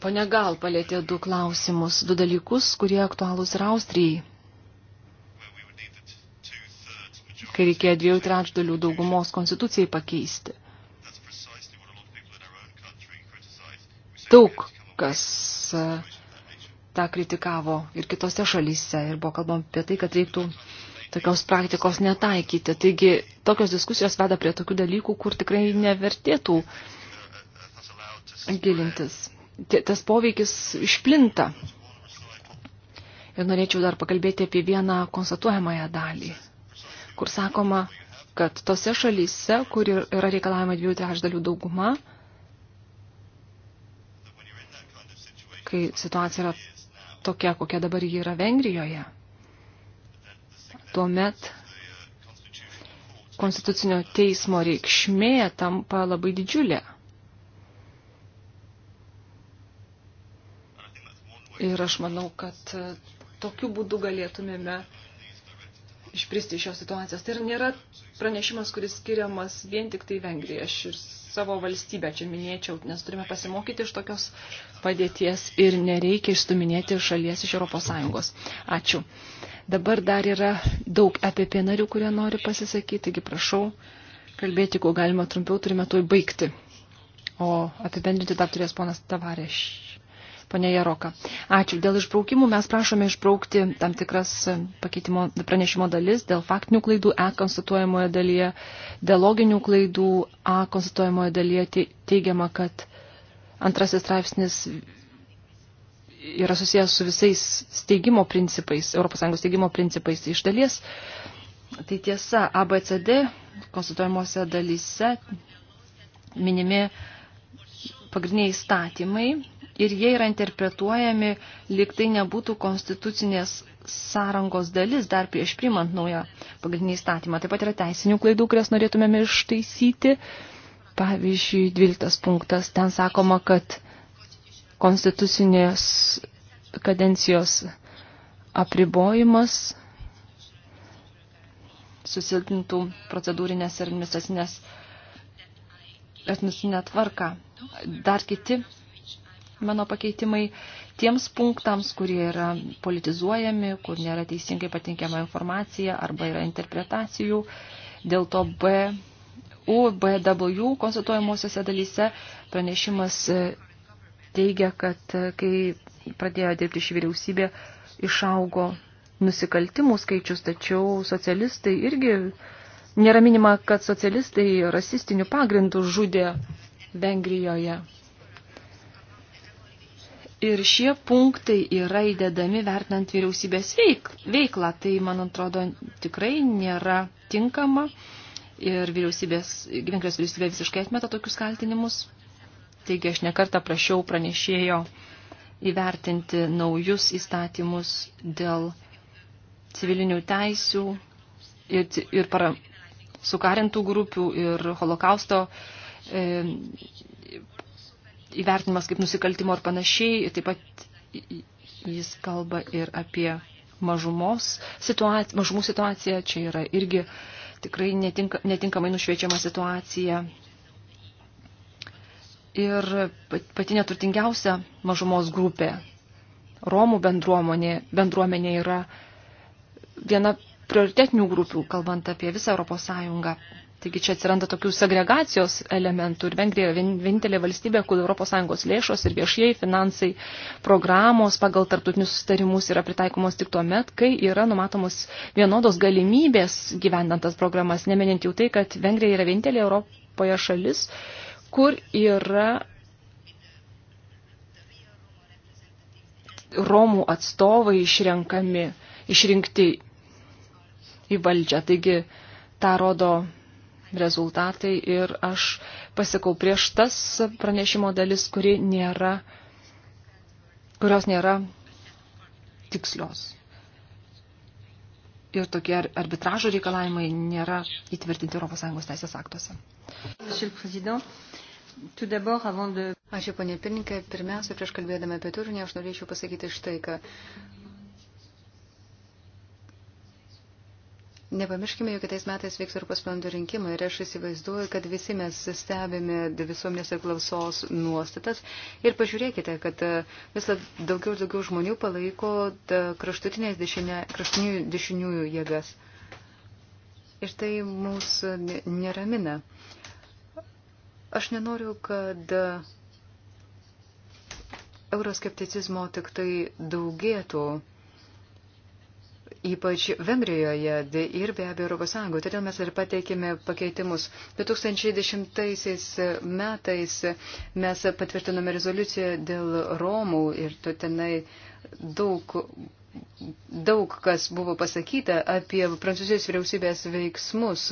Pone Gal palėtė du klausimus, du dalykus, kurie aktualūs ir Austrijai. kai reikėjo dviejų trečdalių daugumos konstitucijai pakeisti. Daug kas e, tą kritikavo ir kitose šalyse ir buvo kalbama apie tai, kad reiktų tokios praktikos netaikyti. Taigi tokios diskusijos veda prie tokių dalykų, kur tikrai nevertėtų gilintis. Tas poveikis išplinta. Ir norėčiau dar pakalbėti apie vieną konstatuojamąją dalį kur sakoma, kad tose šalyse, kur yra reikalavimo dviejų trečdalių dauguma, kai situacija yra tokia, kokia dabar ji yra Vengrijoje, tuomet konstitucinio teismo reikšmė tampa labai didžiulė. Ir aš manau, kad tokiu būdu galėtumėme uh, išpristi iš šios situacijos. Tai nėra pranešimas, kuris skiriamas vien tik tai Vengrija. Aš ir savo valstybę čia minėčiau, nes turime pasimokyti iš tokios padėties ir nereikia išstuminėti šalies iš ES. Ačiū. Dabar dar yra daug EPP narių, kurie nori pasisakyti, taigi prašau kalbėti, kuo galima trumpiau, turime tuoj baigti. O apibendrinti dar turės ponas Tavarėš Pone Jaroka. Ačiū. Dėl išbraukimų mes prašome išbraukti tam tikras e, pakeitimo pranešimo dalis dėl faktinių klaidų E konstatuojamoje dalyje, dėl loginių klaidų A konstatuojamoje dalyje teigiama, kad antrasis straipsnis yra susijęs su visais steigimo principais, ES steigimo principais iš dalies. Tai tiesa, ABCD konstatuojamuose dalyse minimi pagrindiniai įstatymai, ir jie yra interpretuojami, lyg tai nebūtų konstitucinės sąrangos dalis dar prieš primant naują pagrindinį įstatymą. Taip pat yra teisinių klaidų, kurias norėtumėme ištaisyti. Pavyzdžiui, 12 punktas, ten sakoma, kad konstitucinės kadencijos apribojimas susilpintų procedūrinės ir administracinės administracinę tvarką. Dar kiti mano pakeitimai tiems punktams, kurie yra politizuojami, kur nėra teisingai patinkiama informacija arba yra interpretacijų. Dėl to B, U, B, W konstatuojamosiose dalyse pranešimas e, teigia, kad e, kai pradėjo dirbti šį vyriausybę, išaugo nusikaltimų skaičius, tačiau socialistai irgi nėra minima, kad socialistai rasistinių pagrindų žudė Vengrijoje. Ir šie punktai yra įdedami vertinant vyriausybės veik, veiklą. Tai, man atrodo, tikrai nėra tinkama. Ir vyriausybės, Vengrijos vyriausybė visiškai atmeta tokius kaltinimus. Taigi aš nekartą prašiau pranešėjo įvertinti naujus įstatymus dėl civilinių teisių ir, ir para, sukarintų grupių ir holokausto e, įvertinimas kaip nusikaltimo ir panašiai. Taip pat jis kalba ir apie mažumos situaciją, mažumų situaciją. Čia yra irgi tikrai netinka, netinkamai nušviečiama situacija. Ir pati neturtingiausia mažumos grupė, Romų bendruomenė, bendruomenė yra viena prioritetinių grupių, kalbant apie visą Europos Sąjungą. Taigi čia atsiranda tokių segregacijos elementų ir Vengrija vienintelė valstybė, kur ES lėšos ir viešieji finansai programos pagal tarptautinius sustarimus yra pritaikomos tik tuo met, kai yra numatomos vienodos galimybės gyvendantas programas, nemenint jau tai, kad Vengrija yra vienintelė Europoje šalis, kur yra Romų atstovai išrenkami, išrinkti į valdžią. Taigi, tą rodo rezultatai ir aš pasikau prieš tas pranešimo dalis, kuri nėra, kurios nėra tikslios. Ir tokie arbitražo reikalavimai nėra įtvirtinti ES teisės aktuose. Ačiū, ponė pirmininkė. Pirmiausia, prieš kalbėdami apie turinį, aš norėčiau pasakyti štai, kad Nepamirškime, jog kitais metais vyks Europos parlamento rinkimai ir aš įsivaizduoju, kad visi mes stebime visuomenės ir klausos nuostatas. Ir pažiūrėkite, kad e, vis daugiau ir daugiau žmonių palaiko e, kraštutinės dešinė, kraštutinių dešiniųjų jėgas. Ir tai mūsų neramina. Aš nenoriu, kad e, euroskepticizmo tik tai daugėtų ypač Vengrijoje ir be abejo Europos Sąjungoje. Todėl mes ir pateikėme pakeitimus. 2010 metais mes patvirtinome rezoliuciją dėl Romų ir tenai daug, daug kas buvo pasakyta apie Prancūzijos vyriausybės veiksmus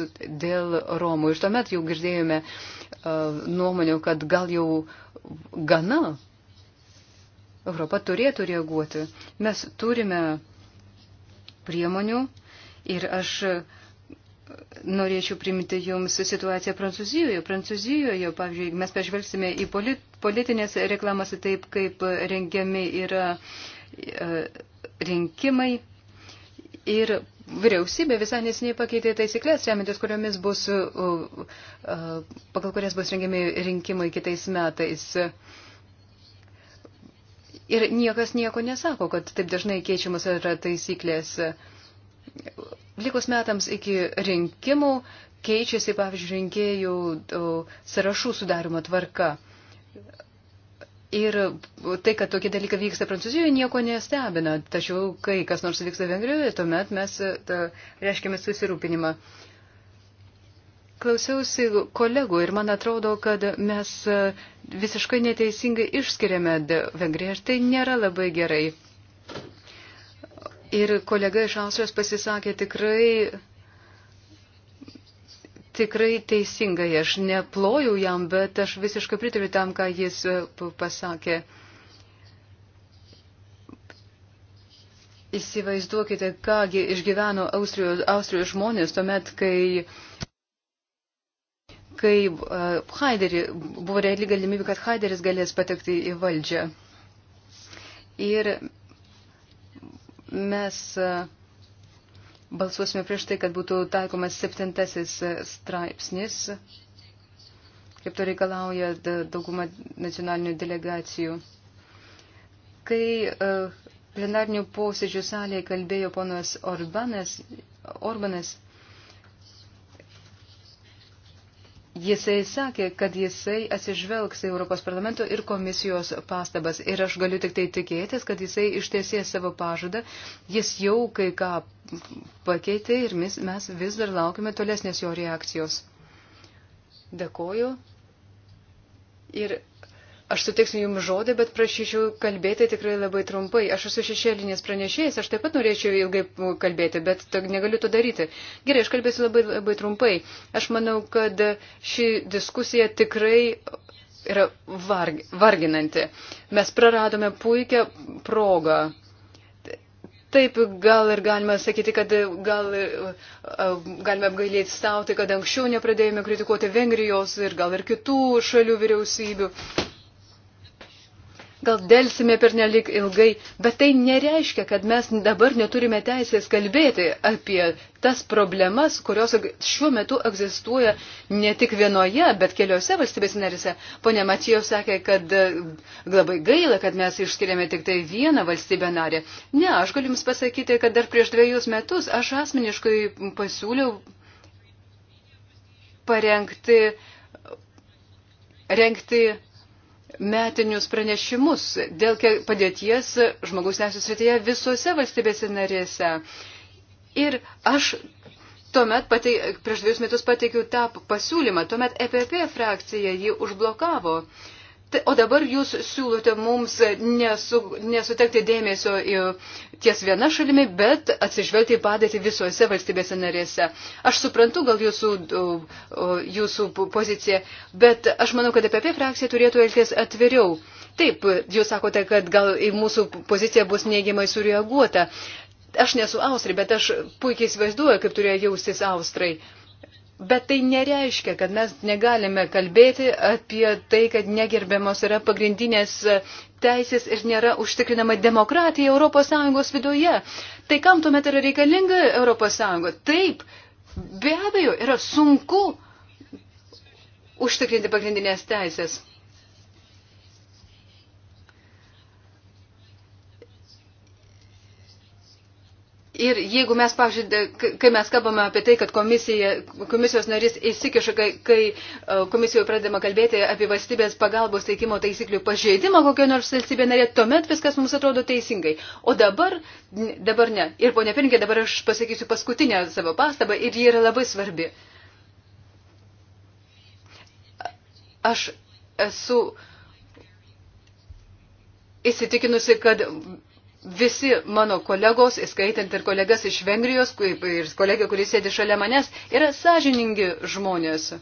dėl Romų. Ir tuomet jau girdėjome uh, nuomonių, kad gal jau gana Europa turėtų reaguoti. Mes turime priemonių ir aš norėčiau priminti Jums situaciją Prancūzijoje. Prancūzijoje, pavyzdžiui, mes pažvelgsime į politinės reklamas taip, kaip rengiami yra e, rinkimai. Ir vyriausybė visai nesiniai pakeitė taisyklės, remintis kuriomis bus, pagal kurias bus rengiami rinkimai kitais metais. Uh, Ir niekas nieko nesako, kad taip dažnai keičiamas yra taisyklės. Likus metams iki rinkimų keičiasi, pavyzdžiui, rinkėjų sąrašų sudarimo tvarka. Ir tai, kad tokie dalykai vyksta Prancūzijoje, nieko nestebina. Tačiau, kai kas nors vyksta Vengrijoje, tuomet mes ta, reiškime susirūpinimą. Uh, Klausiausi kolegų ir man atrodo, kad mes e, visiškai neteisingai išskiriame Vengriją ir tai nėra labai gerai. Ir kolega iš Austrijos pasisakė tikrai, tikrai teisingai. Aš neplojau jam, bet aš visiškai pritariu tam, ką jis e, pasakė. Įsivaizduokite, kągi išgyveno Austrijos, Austrijos žmonės tuomet, kai uh, kai e, Haiderį, buvo reali galimybė, kad Haideris galės patekti į valdžią. Ir mes e, balsuosime prieš tai, kad būtų taikomas septintasis e, straipsnis, kaip to reikalauja dauguma nacionalinių delegacijų. Kai plenarnių posėdžių salėje kalbėjo ponas Orbanas, Orbanas Jisai sakė, kad jisai atsižvelgs į Europos parlamento ir komisijos pastabas. Ir aš galiu tik tai tikėtis, kad jisai ištiesės savo pažadą. Jis jau kai ką pakeitė ir mes, mes vis dar laukime tolesnės jo reakcijos. Dėkoju. Ir Aš suteiksiu Jums žodį, bet prašyčiau kalbėti tikrai labai trumpai. Aš esu šešėlinės pranešėjas, aš taip pat norėčiau ilgai kalbėti, bet negaliu to daryti. Gerai, aš kalbėsiu labai, labai trumpai. Aš manau, kad ši diskusija tikrai yra varg, varginanti. Mes praradome puikią progą. Taip, gal ir galima sakyti, kad gal e, galime apgailėti stauti, kad anksčiau nepradėjome kritikuoti Vengrijos ir gal ir kitų šalių vyriausybių gal dėlsime per nelik ilgai, bet tai nereiškia, kad mes dabar neturime teisės kalbėti apie tas problemas, kurios šiuo metu egzistuoja ne tik vienoje, bet keliose valstybės narise. Pone Matijo sakė, kad e, labai gaila, kad mes išskiriame tik tai vieną valstybę narę. Ne, aš galiu Jums pasakyti, kad dar prieš dviejus metus aš asmeniškai pasiūliau parengti rengti metinius pranešimus dėl padėties žmogaus teisų srityje visose valstybėse narėse. Ir aš tuomet patei, prieš dviejus metus pateikiau tą pasiūlymą, tuomet EPP frakcija jį užblokavo. Tai, o dabar jūs siūlote mums nesu, nesutekti dėmesio į ties viena šalimi, bet atsižvelgti į padėtį visose valstybėse narėse. Aš suprantu gal jūsų, jūsų poziciją, bet aš manau, kad apie frakciją turėtų elgtis atviriau. Taip, jūs sakote, kad gal į mūsų poziciją bus neigiamai sureaguota. Aš nesu Austrija, bet aš puikiai įsivaizduoju, kaip turėjo jaustis Austrai. Uh, Bet tai nereiškia, kad mes negalime kalbėti apie tai, kad negerbiamos yra pagrindinės e, teisės ir nėra užtikrinama demokratija ES viduje. Tai kam tuomet yra reikalinga ES? Taip, be abejo, yra sunku užtikrinti pagrindinės teisės. Ir jeigu mes, pavyzdžiui, kai mes kalbame apie tai, kad komisija, komisijos narys įsikiša, kai, kai e, komisijoje pradedama kalbėti apie valstybės pagalbos teikimo taisyklių pažeidimą kokio nors valstybė narė, tuomet viskas mums atrodo teisingai. O dabar, dabar ne. Ir ponia Pirinkė, dabar aš pasakysiu paskutinę savo pastabą ir ji yra labai svarbi. Aš esu įsitikinusi, kad visi mano kolegos, įskaitant ir kolegas iš Vengrijos, ir kolegė, kuris sėdi šalia manęs, yra sąžiningi žmonės.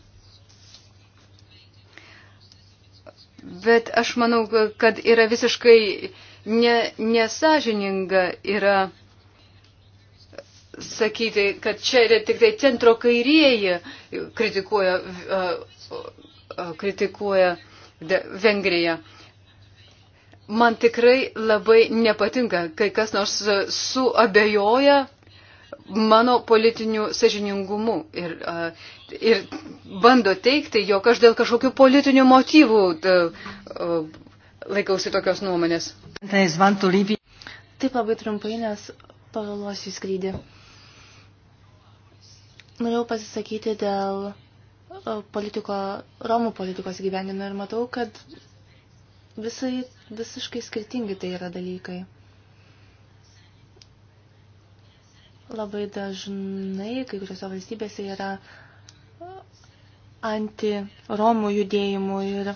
Bet aš manau, kad yra visiškai ne, nesažininga yra sakyti, kad čia yra tik tai centro kairieji kritikuoja, kritikuoja Vengriją. Man tikrai labai nepatinka, kai kas nors e, suabejoja mano politiniu sažiningumu ir, e, ir bando teikti, jog aš dėl kažkokių politinių motyvų e, laikausi tokios nuomonės. Taip labai trumpai, nes pavėluosiu skrydį. Norėjau pasisakyti dėl politiko, Romų politikos gyvenime ir matau, kad visai Visiškai skirtingi tai yra dalykai. Labai dažnai kai kuriuose valstybėse yra anti-romų judėjimų ir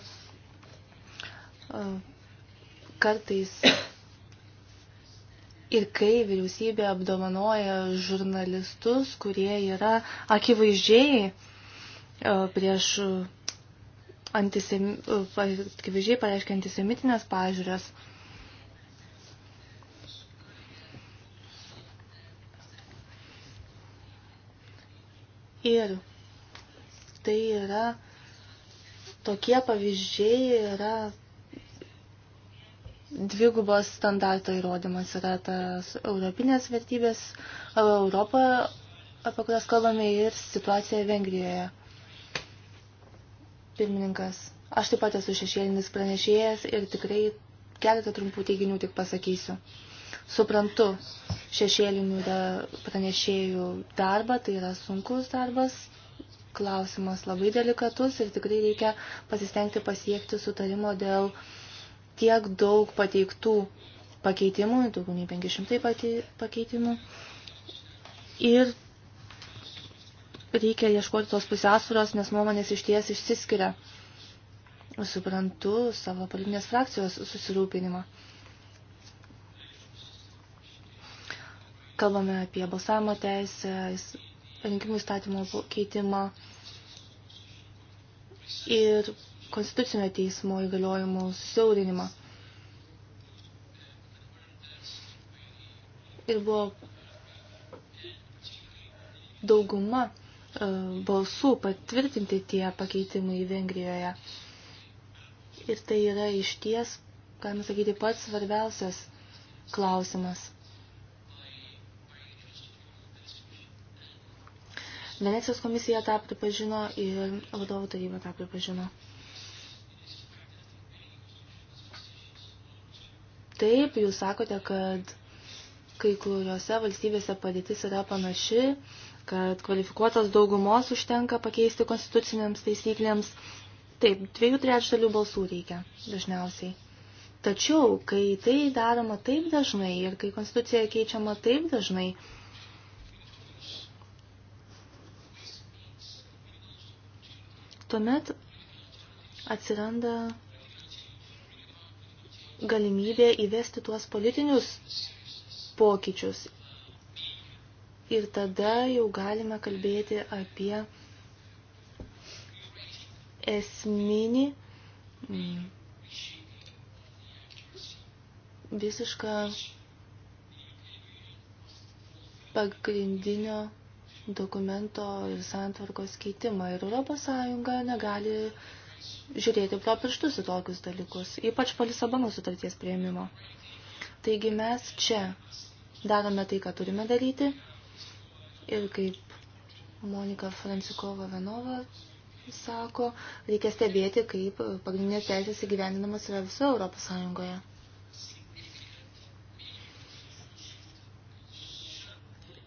kartais ir kai vyriausybė apdovanoja žurnalistus, kurie yra akivaizdžiai prieš antisem... akivaizdžiai pareiškia antisemitinės pažiūrės. Ir tai yra tokie pavyzdžiai yra dvigubos standarto įrodymas yra tas europinės vertybės Europa, apie kurias kalbame ir situacija Vengrijoje. Pirmininkas, aš taip pat esu šešėlinis pranešėjas ir tikrai keletą trumpų teiginių tik pasakysiu. Suprantu šešėlinių da, pranešėjų darbą, tai yra sunkus darbas, klausimas labai delikatus ir tikrai reikia pasistengti pasiekti sutarimo dėl tiek daug pateiktų pakeitimų, daugiau nei 500 pakeitimų. Ir reikia ieškoti tos pusiausvėros, nes nuomonės iš ties išsiskiria. Suprantu savo politinės frakcijos susirūpinimą. Kalbame apie balsavimo teisę, rinkimų įstatymo keitimą ir konstitucinio teismo įgaliojimų susiaurinimą. Ir buvo dauguma E, balsų patvirtinti tie pakeitimai Vengrijoje. Ir tai yra išties, galima sakyti, pats svarbiausias klausimas. Venecijos komisija tą pripažino ir vadovų taryba tą pripažino. Taip, jūs sakote, kad kai kuriuose valstybėse padėtis yra panaši, kad kvalifikuotos daugumos užtenka pakeisti konstituciniams taisyklėms. Taip, dviejų trečdalių balsų reikia dažniausiai. Tačiau, kai tai daroma taip dažnai ir kai konstitucija keičiama taip dažnai, tuomet atsiranda galimybė įvesti tuos politinius pokyčius ir tada jau galime kalbėti apie esminį mm, visišką pagrindinio dokumento ir santvarkos keitimą. Ir Europos Sąjunga negali žiūrėti pro pirštus į tokius dalykus, ypač po Lisabono sutarties prieimimo. Taigi mes čia darome tai, ką turime daryti Ir kaip Monika Francikova Venova sako, reikia stebėti, kaip pagrindinės teisės įgyvendinamas yra viso Europos Sąjungoje.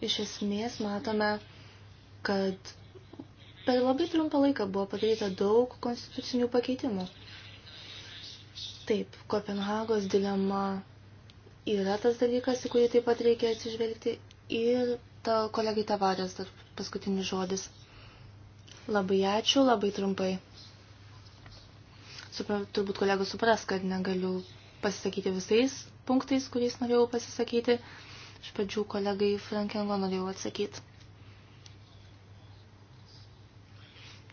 Iš esmės matome, kad per labai trumpą laiką buvo padaryta daug konstitucinių pakeitimų. Taip, Kopenhagos dilema yra tas dalykas, į kurį taip pat reikia atsižvelgti ir Ta e, kolegai Tavarės dar paskutinis žodis. Labai ačiū, labai trumpai. Supra, turbūt kolegos supras, kad negaliu pasisakyti visais punktais, kuriais norėjau pasisakyti. Iš pradžių kolegai Frankengo norėjau atsakyti.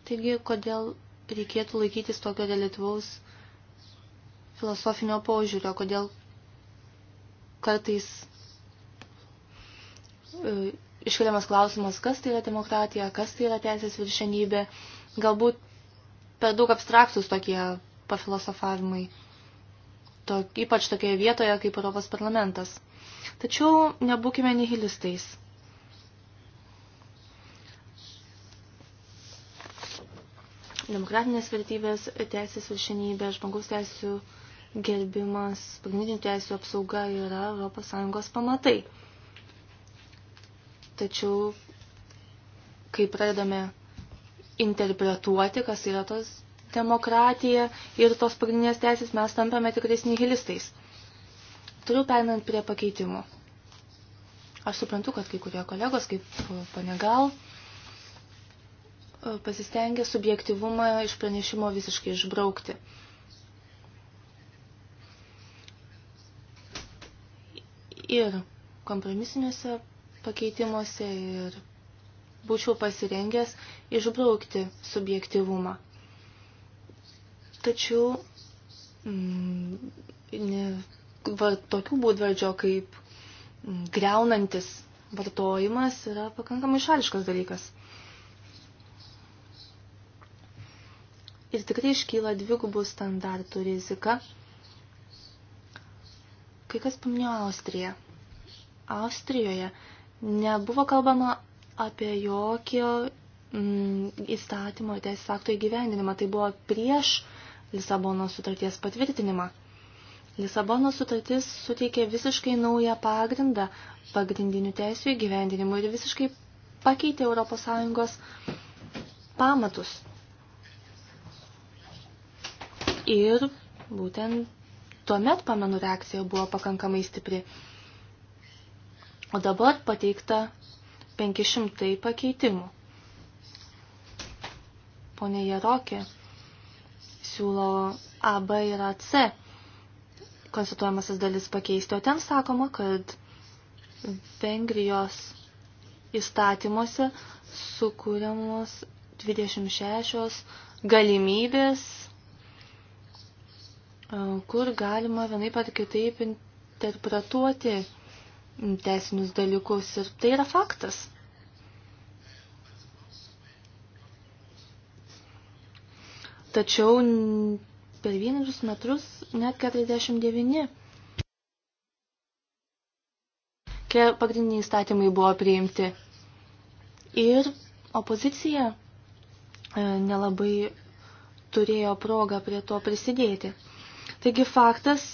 Taigi, kodėl reikėtų laikytis tokio reliatyvaus filosofinio požiūrio, kodėl kartais E, iškeliamas klausimas, kas tai yra demokratija, kas tai yra teisės viršenybė. Galbūt per daug abstraktus tokie pafilosofavimai, to, ypač tokioje vietoje kaip Europos parlamentas. Tačiau nebūkime nihilistais. Demokratinės vertybės, teisės viršenybė, žmogaus teisų gerbimas, pagrindinių teisų apsauga yra ES pamatai tačiau kai pradedame interpretuoti, kas yra tos demokratija ir tos pagrindinės teisės, mes tampame tikrais nihilistais. Turiu perinant prie pakeitimų. Aš suprantu, kad kai kurie kolegos, kaip panegal, pasistengė subjektivumą iš pranešimo visiškai išbraukti. Ir kompromisiniuose pakeitimuose ir būčiau pasirengęs išbraukti subjektivumą. Tačiau mm, ne, va, tokių būdvardžio kaip mm, greunantis vartojimas yra pakankamai šališkas dalykas. Ir tikrai iškyla dvigubų standartų rizika. Kai kas paminėjo Austriją. Austrijoje Nebuvo kalbama apie jokio mm, įstatymo ir teisės akto įgyvendinimą. Tai buvo prieš Lisabonos sutarties patvirtinimą. Lisabonos sutartis suteikė visiškai naują pagrindą pagrindinių teisų įgyvendinimui ir visiškai pakeitė ES pamatus. Ir būtent tuomet, pamenu, reakcija buvo pakankamai stipri. O dabar pateikta 500 pakeitimų. Pone Jarokė siūlo A, B ir AC konstatuojamasis dalis pakeisti, o ten sakoma, kad Vengrijos įstatymuose sukūriamos 26 galimybės, e, kur galima vienaip ar kitaip interpretuoti teisinius dalykus ir tai yra faktas. Tačiau per vienerius metrus net 49 pagrindiniai įstatymai buvo priimti. Ir opozicija e, nelabai turėjo progą prie to prisidėti. Taigi faktas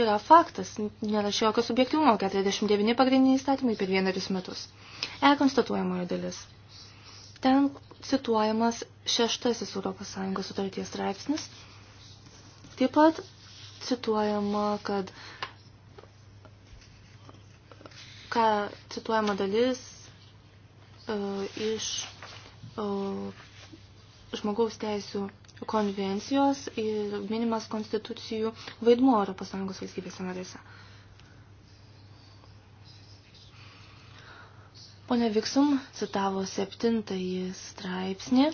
yra faktas, nėra šio jokio subjektyvumo, 49 pagrindiniai įstatymai per vienerius metus. E konstatuojamojo dalis. Ten cituojamas šeštasis ES sutarties straipsnis. Taip pat cituojama, kad ką cituojama dalis uh, iš uh, žmogaus teisų konvencijos ir minimas konstitucijų vaidmuo ES valstybėse narėse. Pone Viksum citavo septintąjį straipsnį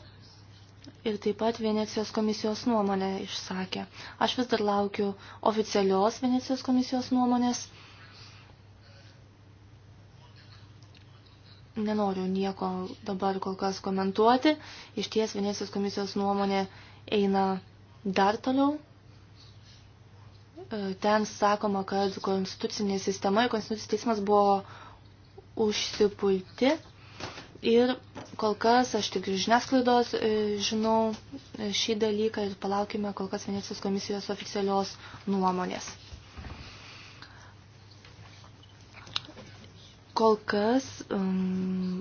ir taip pat Venecijos komisijos nuomonę išsakė. Aš vis dar laukiu oficialios Venecijos komisijos nuomonės. Nenoriu nieko dabar kol kas komentuoti. Iš ties Venecijos komisijos nuomonė eina dar toliau. E, ten sakoma, kad konstitucinė sistema ir konstitucinis teismas buvo užsipulti. Ir kol kas aš tik žiniasklaidos e, žinau e, šį dalyką ir palaukime kol kas Venecijos komisijos oficialios nuomonės. Kol kas um,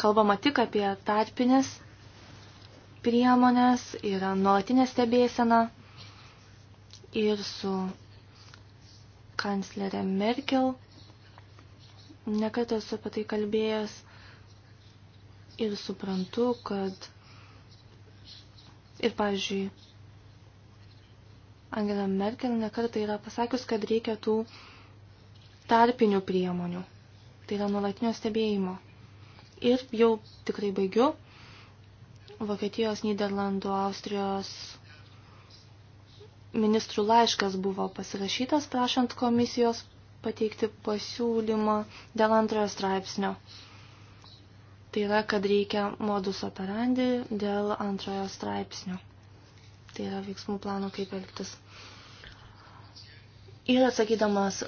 kalbama tik apie tarpinės priemonės, yra nuolatinė stebėsena ir su kanclerė Merkel, nekart esu apie tai kalbėjęs ir suprantu, kad ir, pavyzdžiui, Angela Merkel nekartai yra pasakius, kad reikia tų tarpinių priemonių, tai yra nuolatinio stebėjimo. Ir jau tikrai baigiu. Vokietijos, Niderlandų, Austrijos ministrų laiškas buvo pasirašytas prašant komisijos pateikti pasiūlymą dėl antrojo straipsnio. Tai yra, kad reikia modus operandi dėl antrojo straipsnio. Tai yra veiksmų plano, kaip elgtis. Ir atsakydamas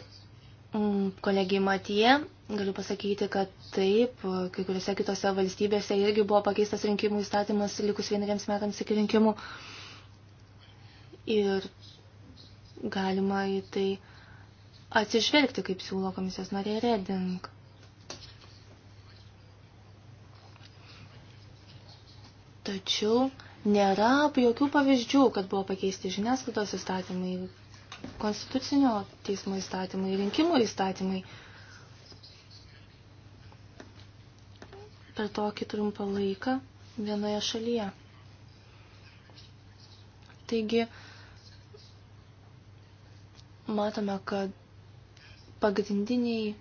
Mm, Kolegijai Matie, galiu pasakyti, kad taip, kai kuriuose kitose valstybėse irgi buvo pakeistas rinkimų įstatymas likus vieneriems metams iki rinkimų. Ir galima į tai atsižvelgti, kaip siūlo komisijos narė Reding. Tačiau nėra jokių pavyzdžių, kad buvo pakeisti žiniasklaidos įstatymai konstitucinio teismo įstatymai, rinkimų įstatymai. Per tokį trumpą laiką vienoje šalyje. Taigi, matome, kad pagrindiniai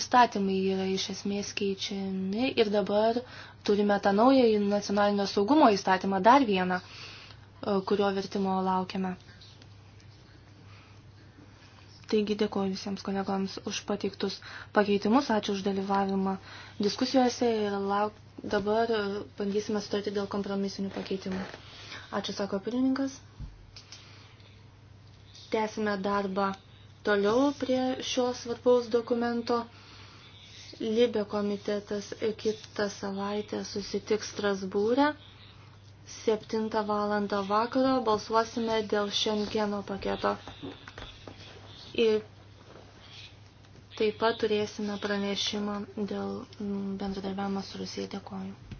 įstatymai yra iš esmės keičiami ir dabar turime tą naują nacionalinio saugumo įstatymą, dar vieną, kurio vertimo laukiame. Taigi dėkoju visiems kolegoms už pateiktus pakeitimus, ačiū už dalyvavimą diskusijose ir lauk, dabar e, bandysime sutarti dėl kompromisinių pakeitimų. Ačiū, sako pirmininkas. Tęsime darbą toliau prie šio svarbaus dokumento. Libė komitetas kitą savaitę susitiks Strasbūrę. 7 val. vakaro balsuosime dėl Šengeno paketo. Ir taip pat turėsime pranešimą dėl bendradarbiavimo su Rusija. Dėkoju.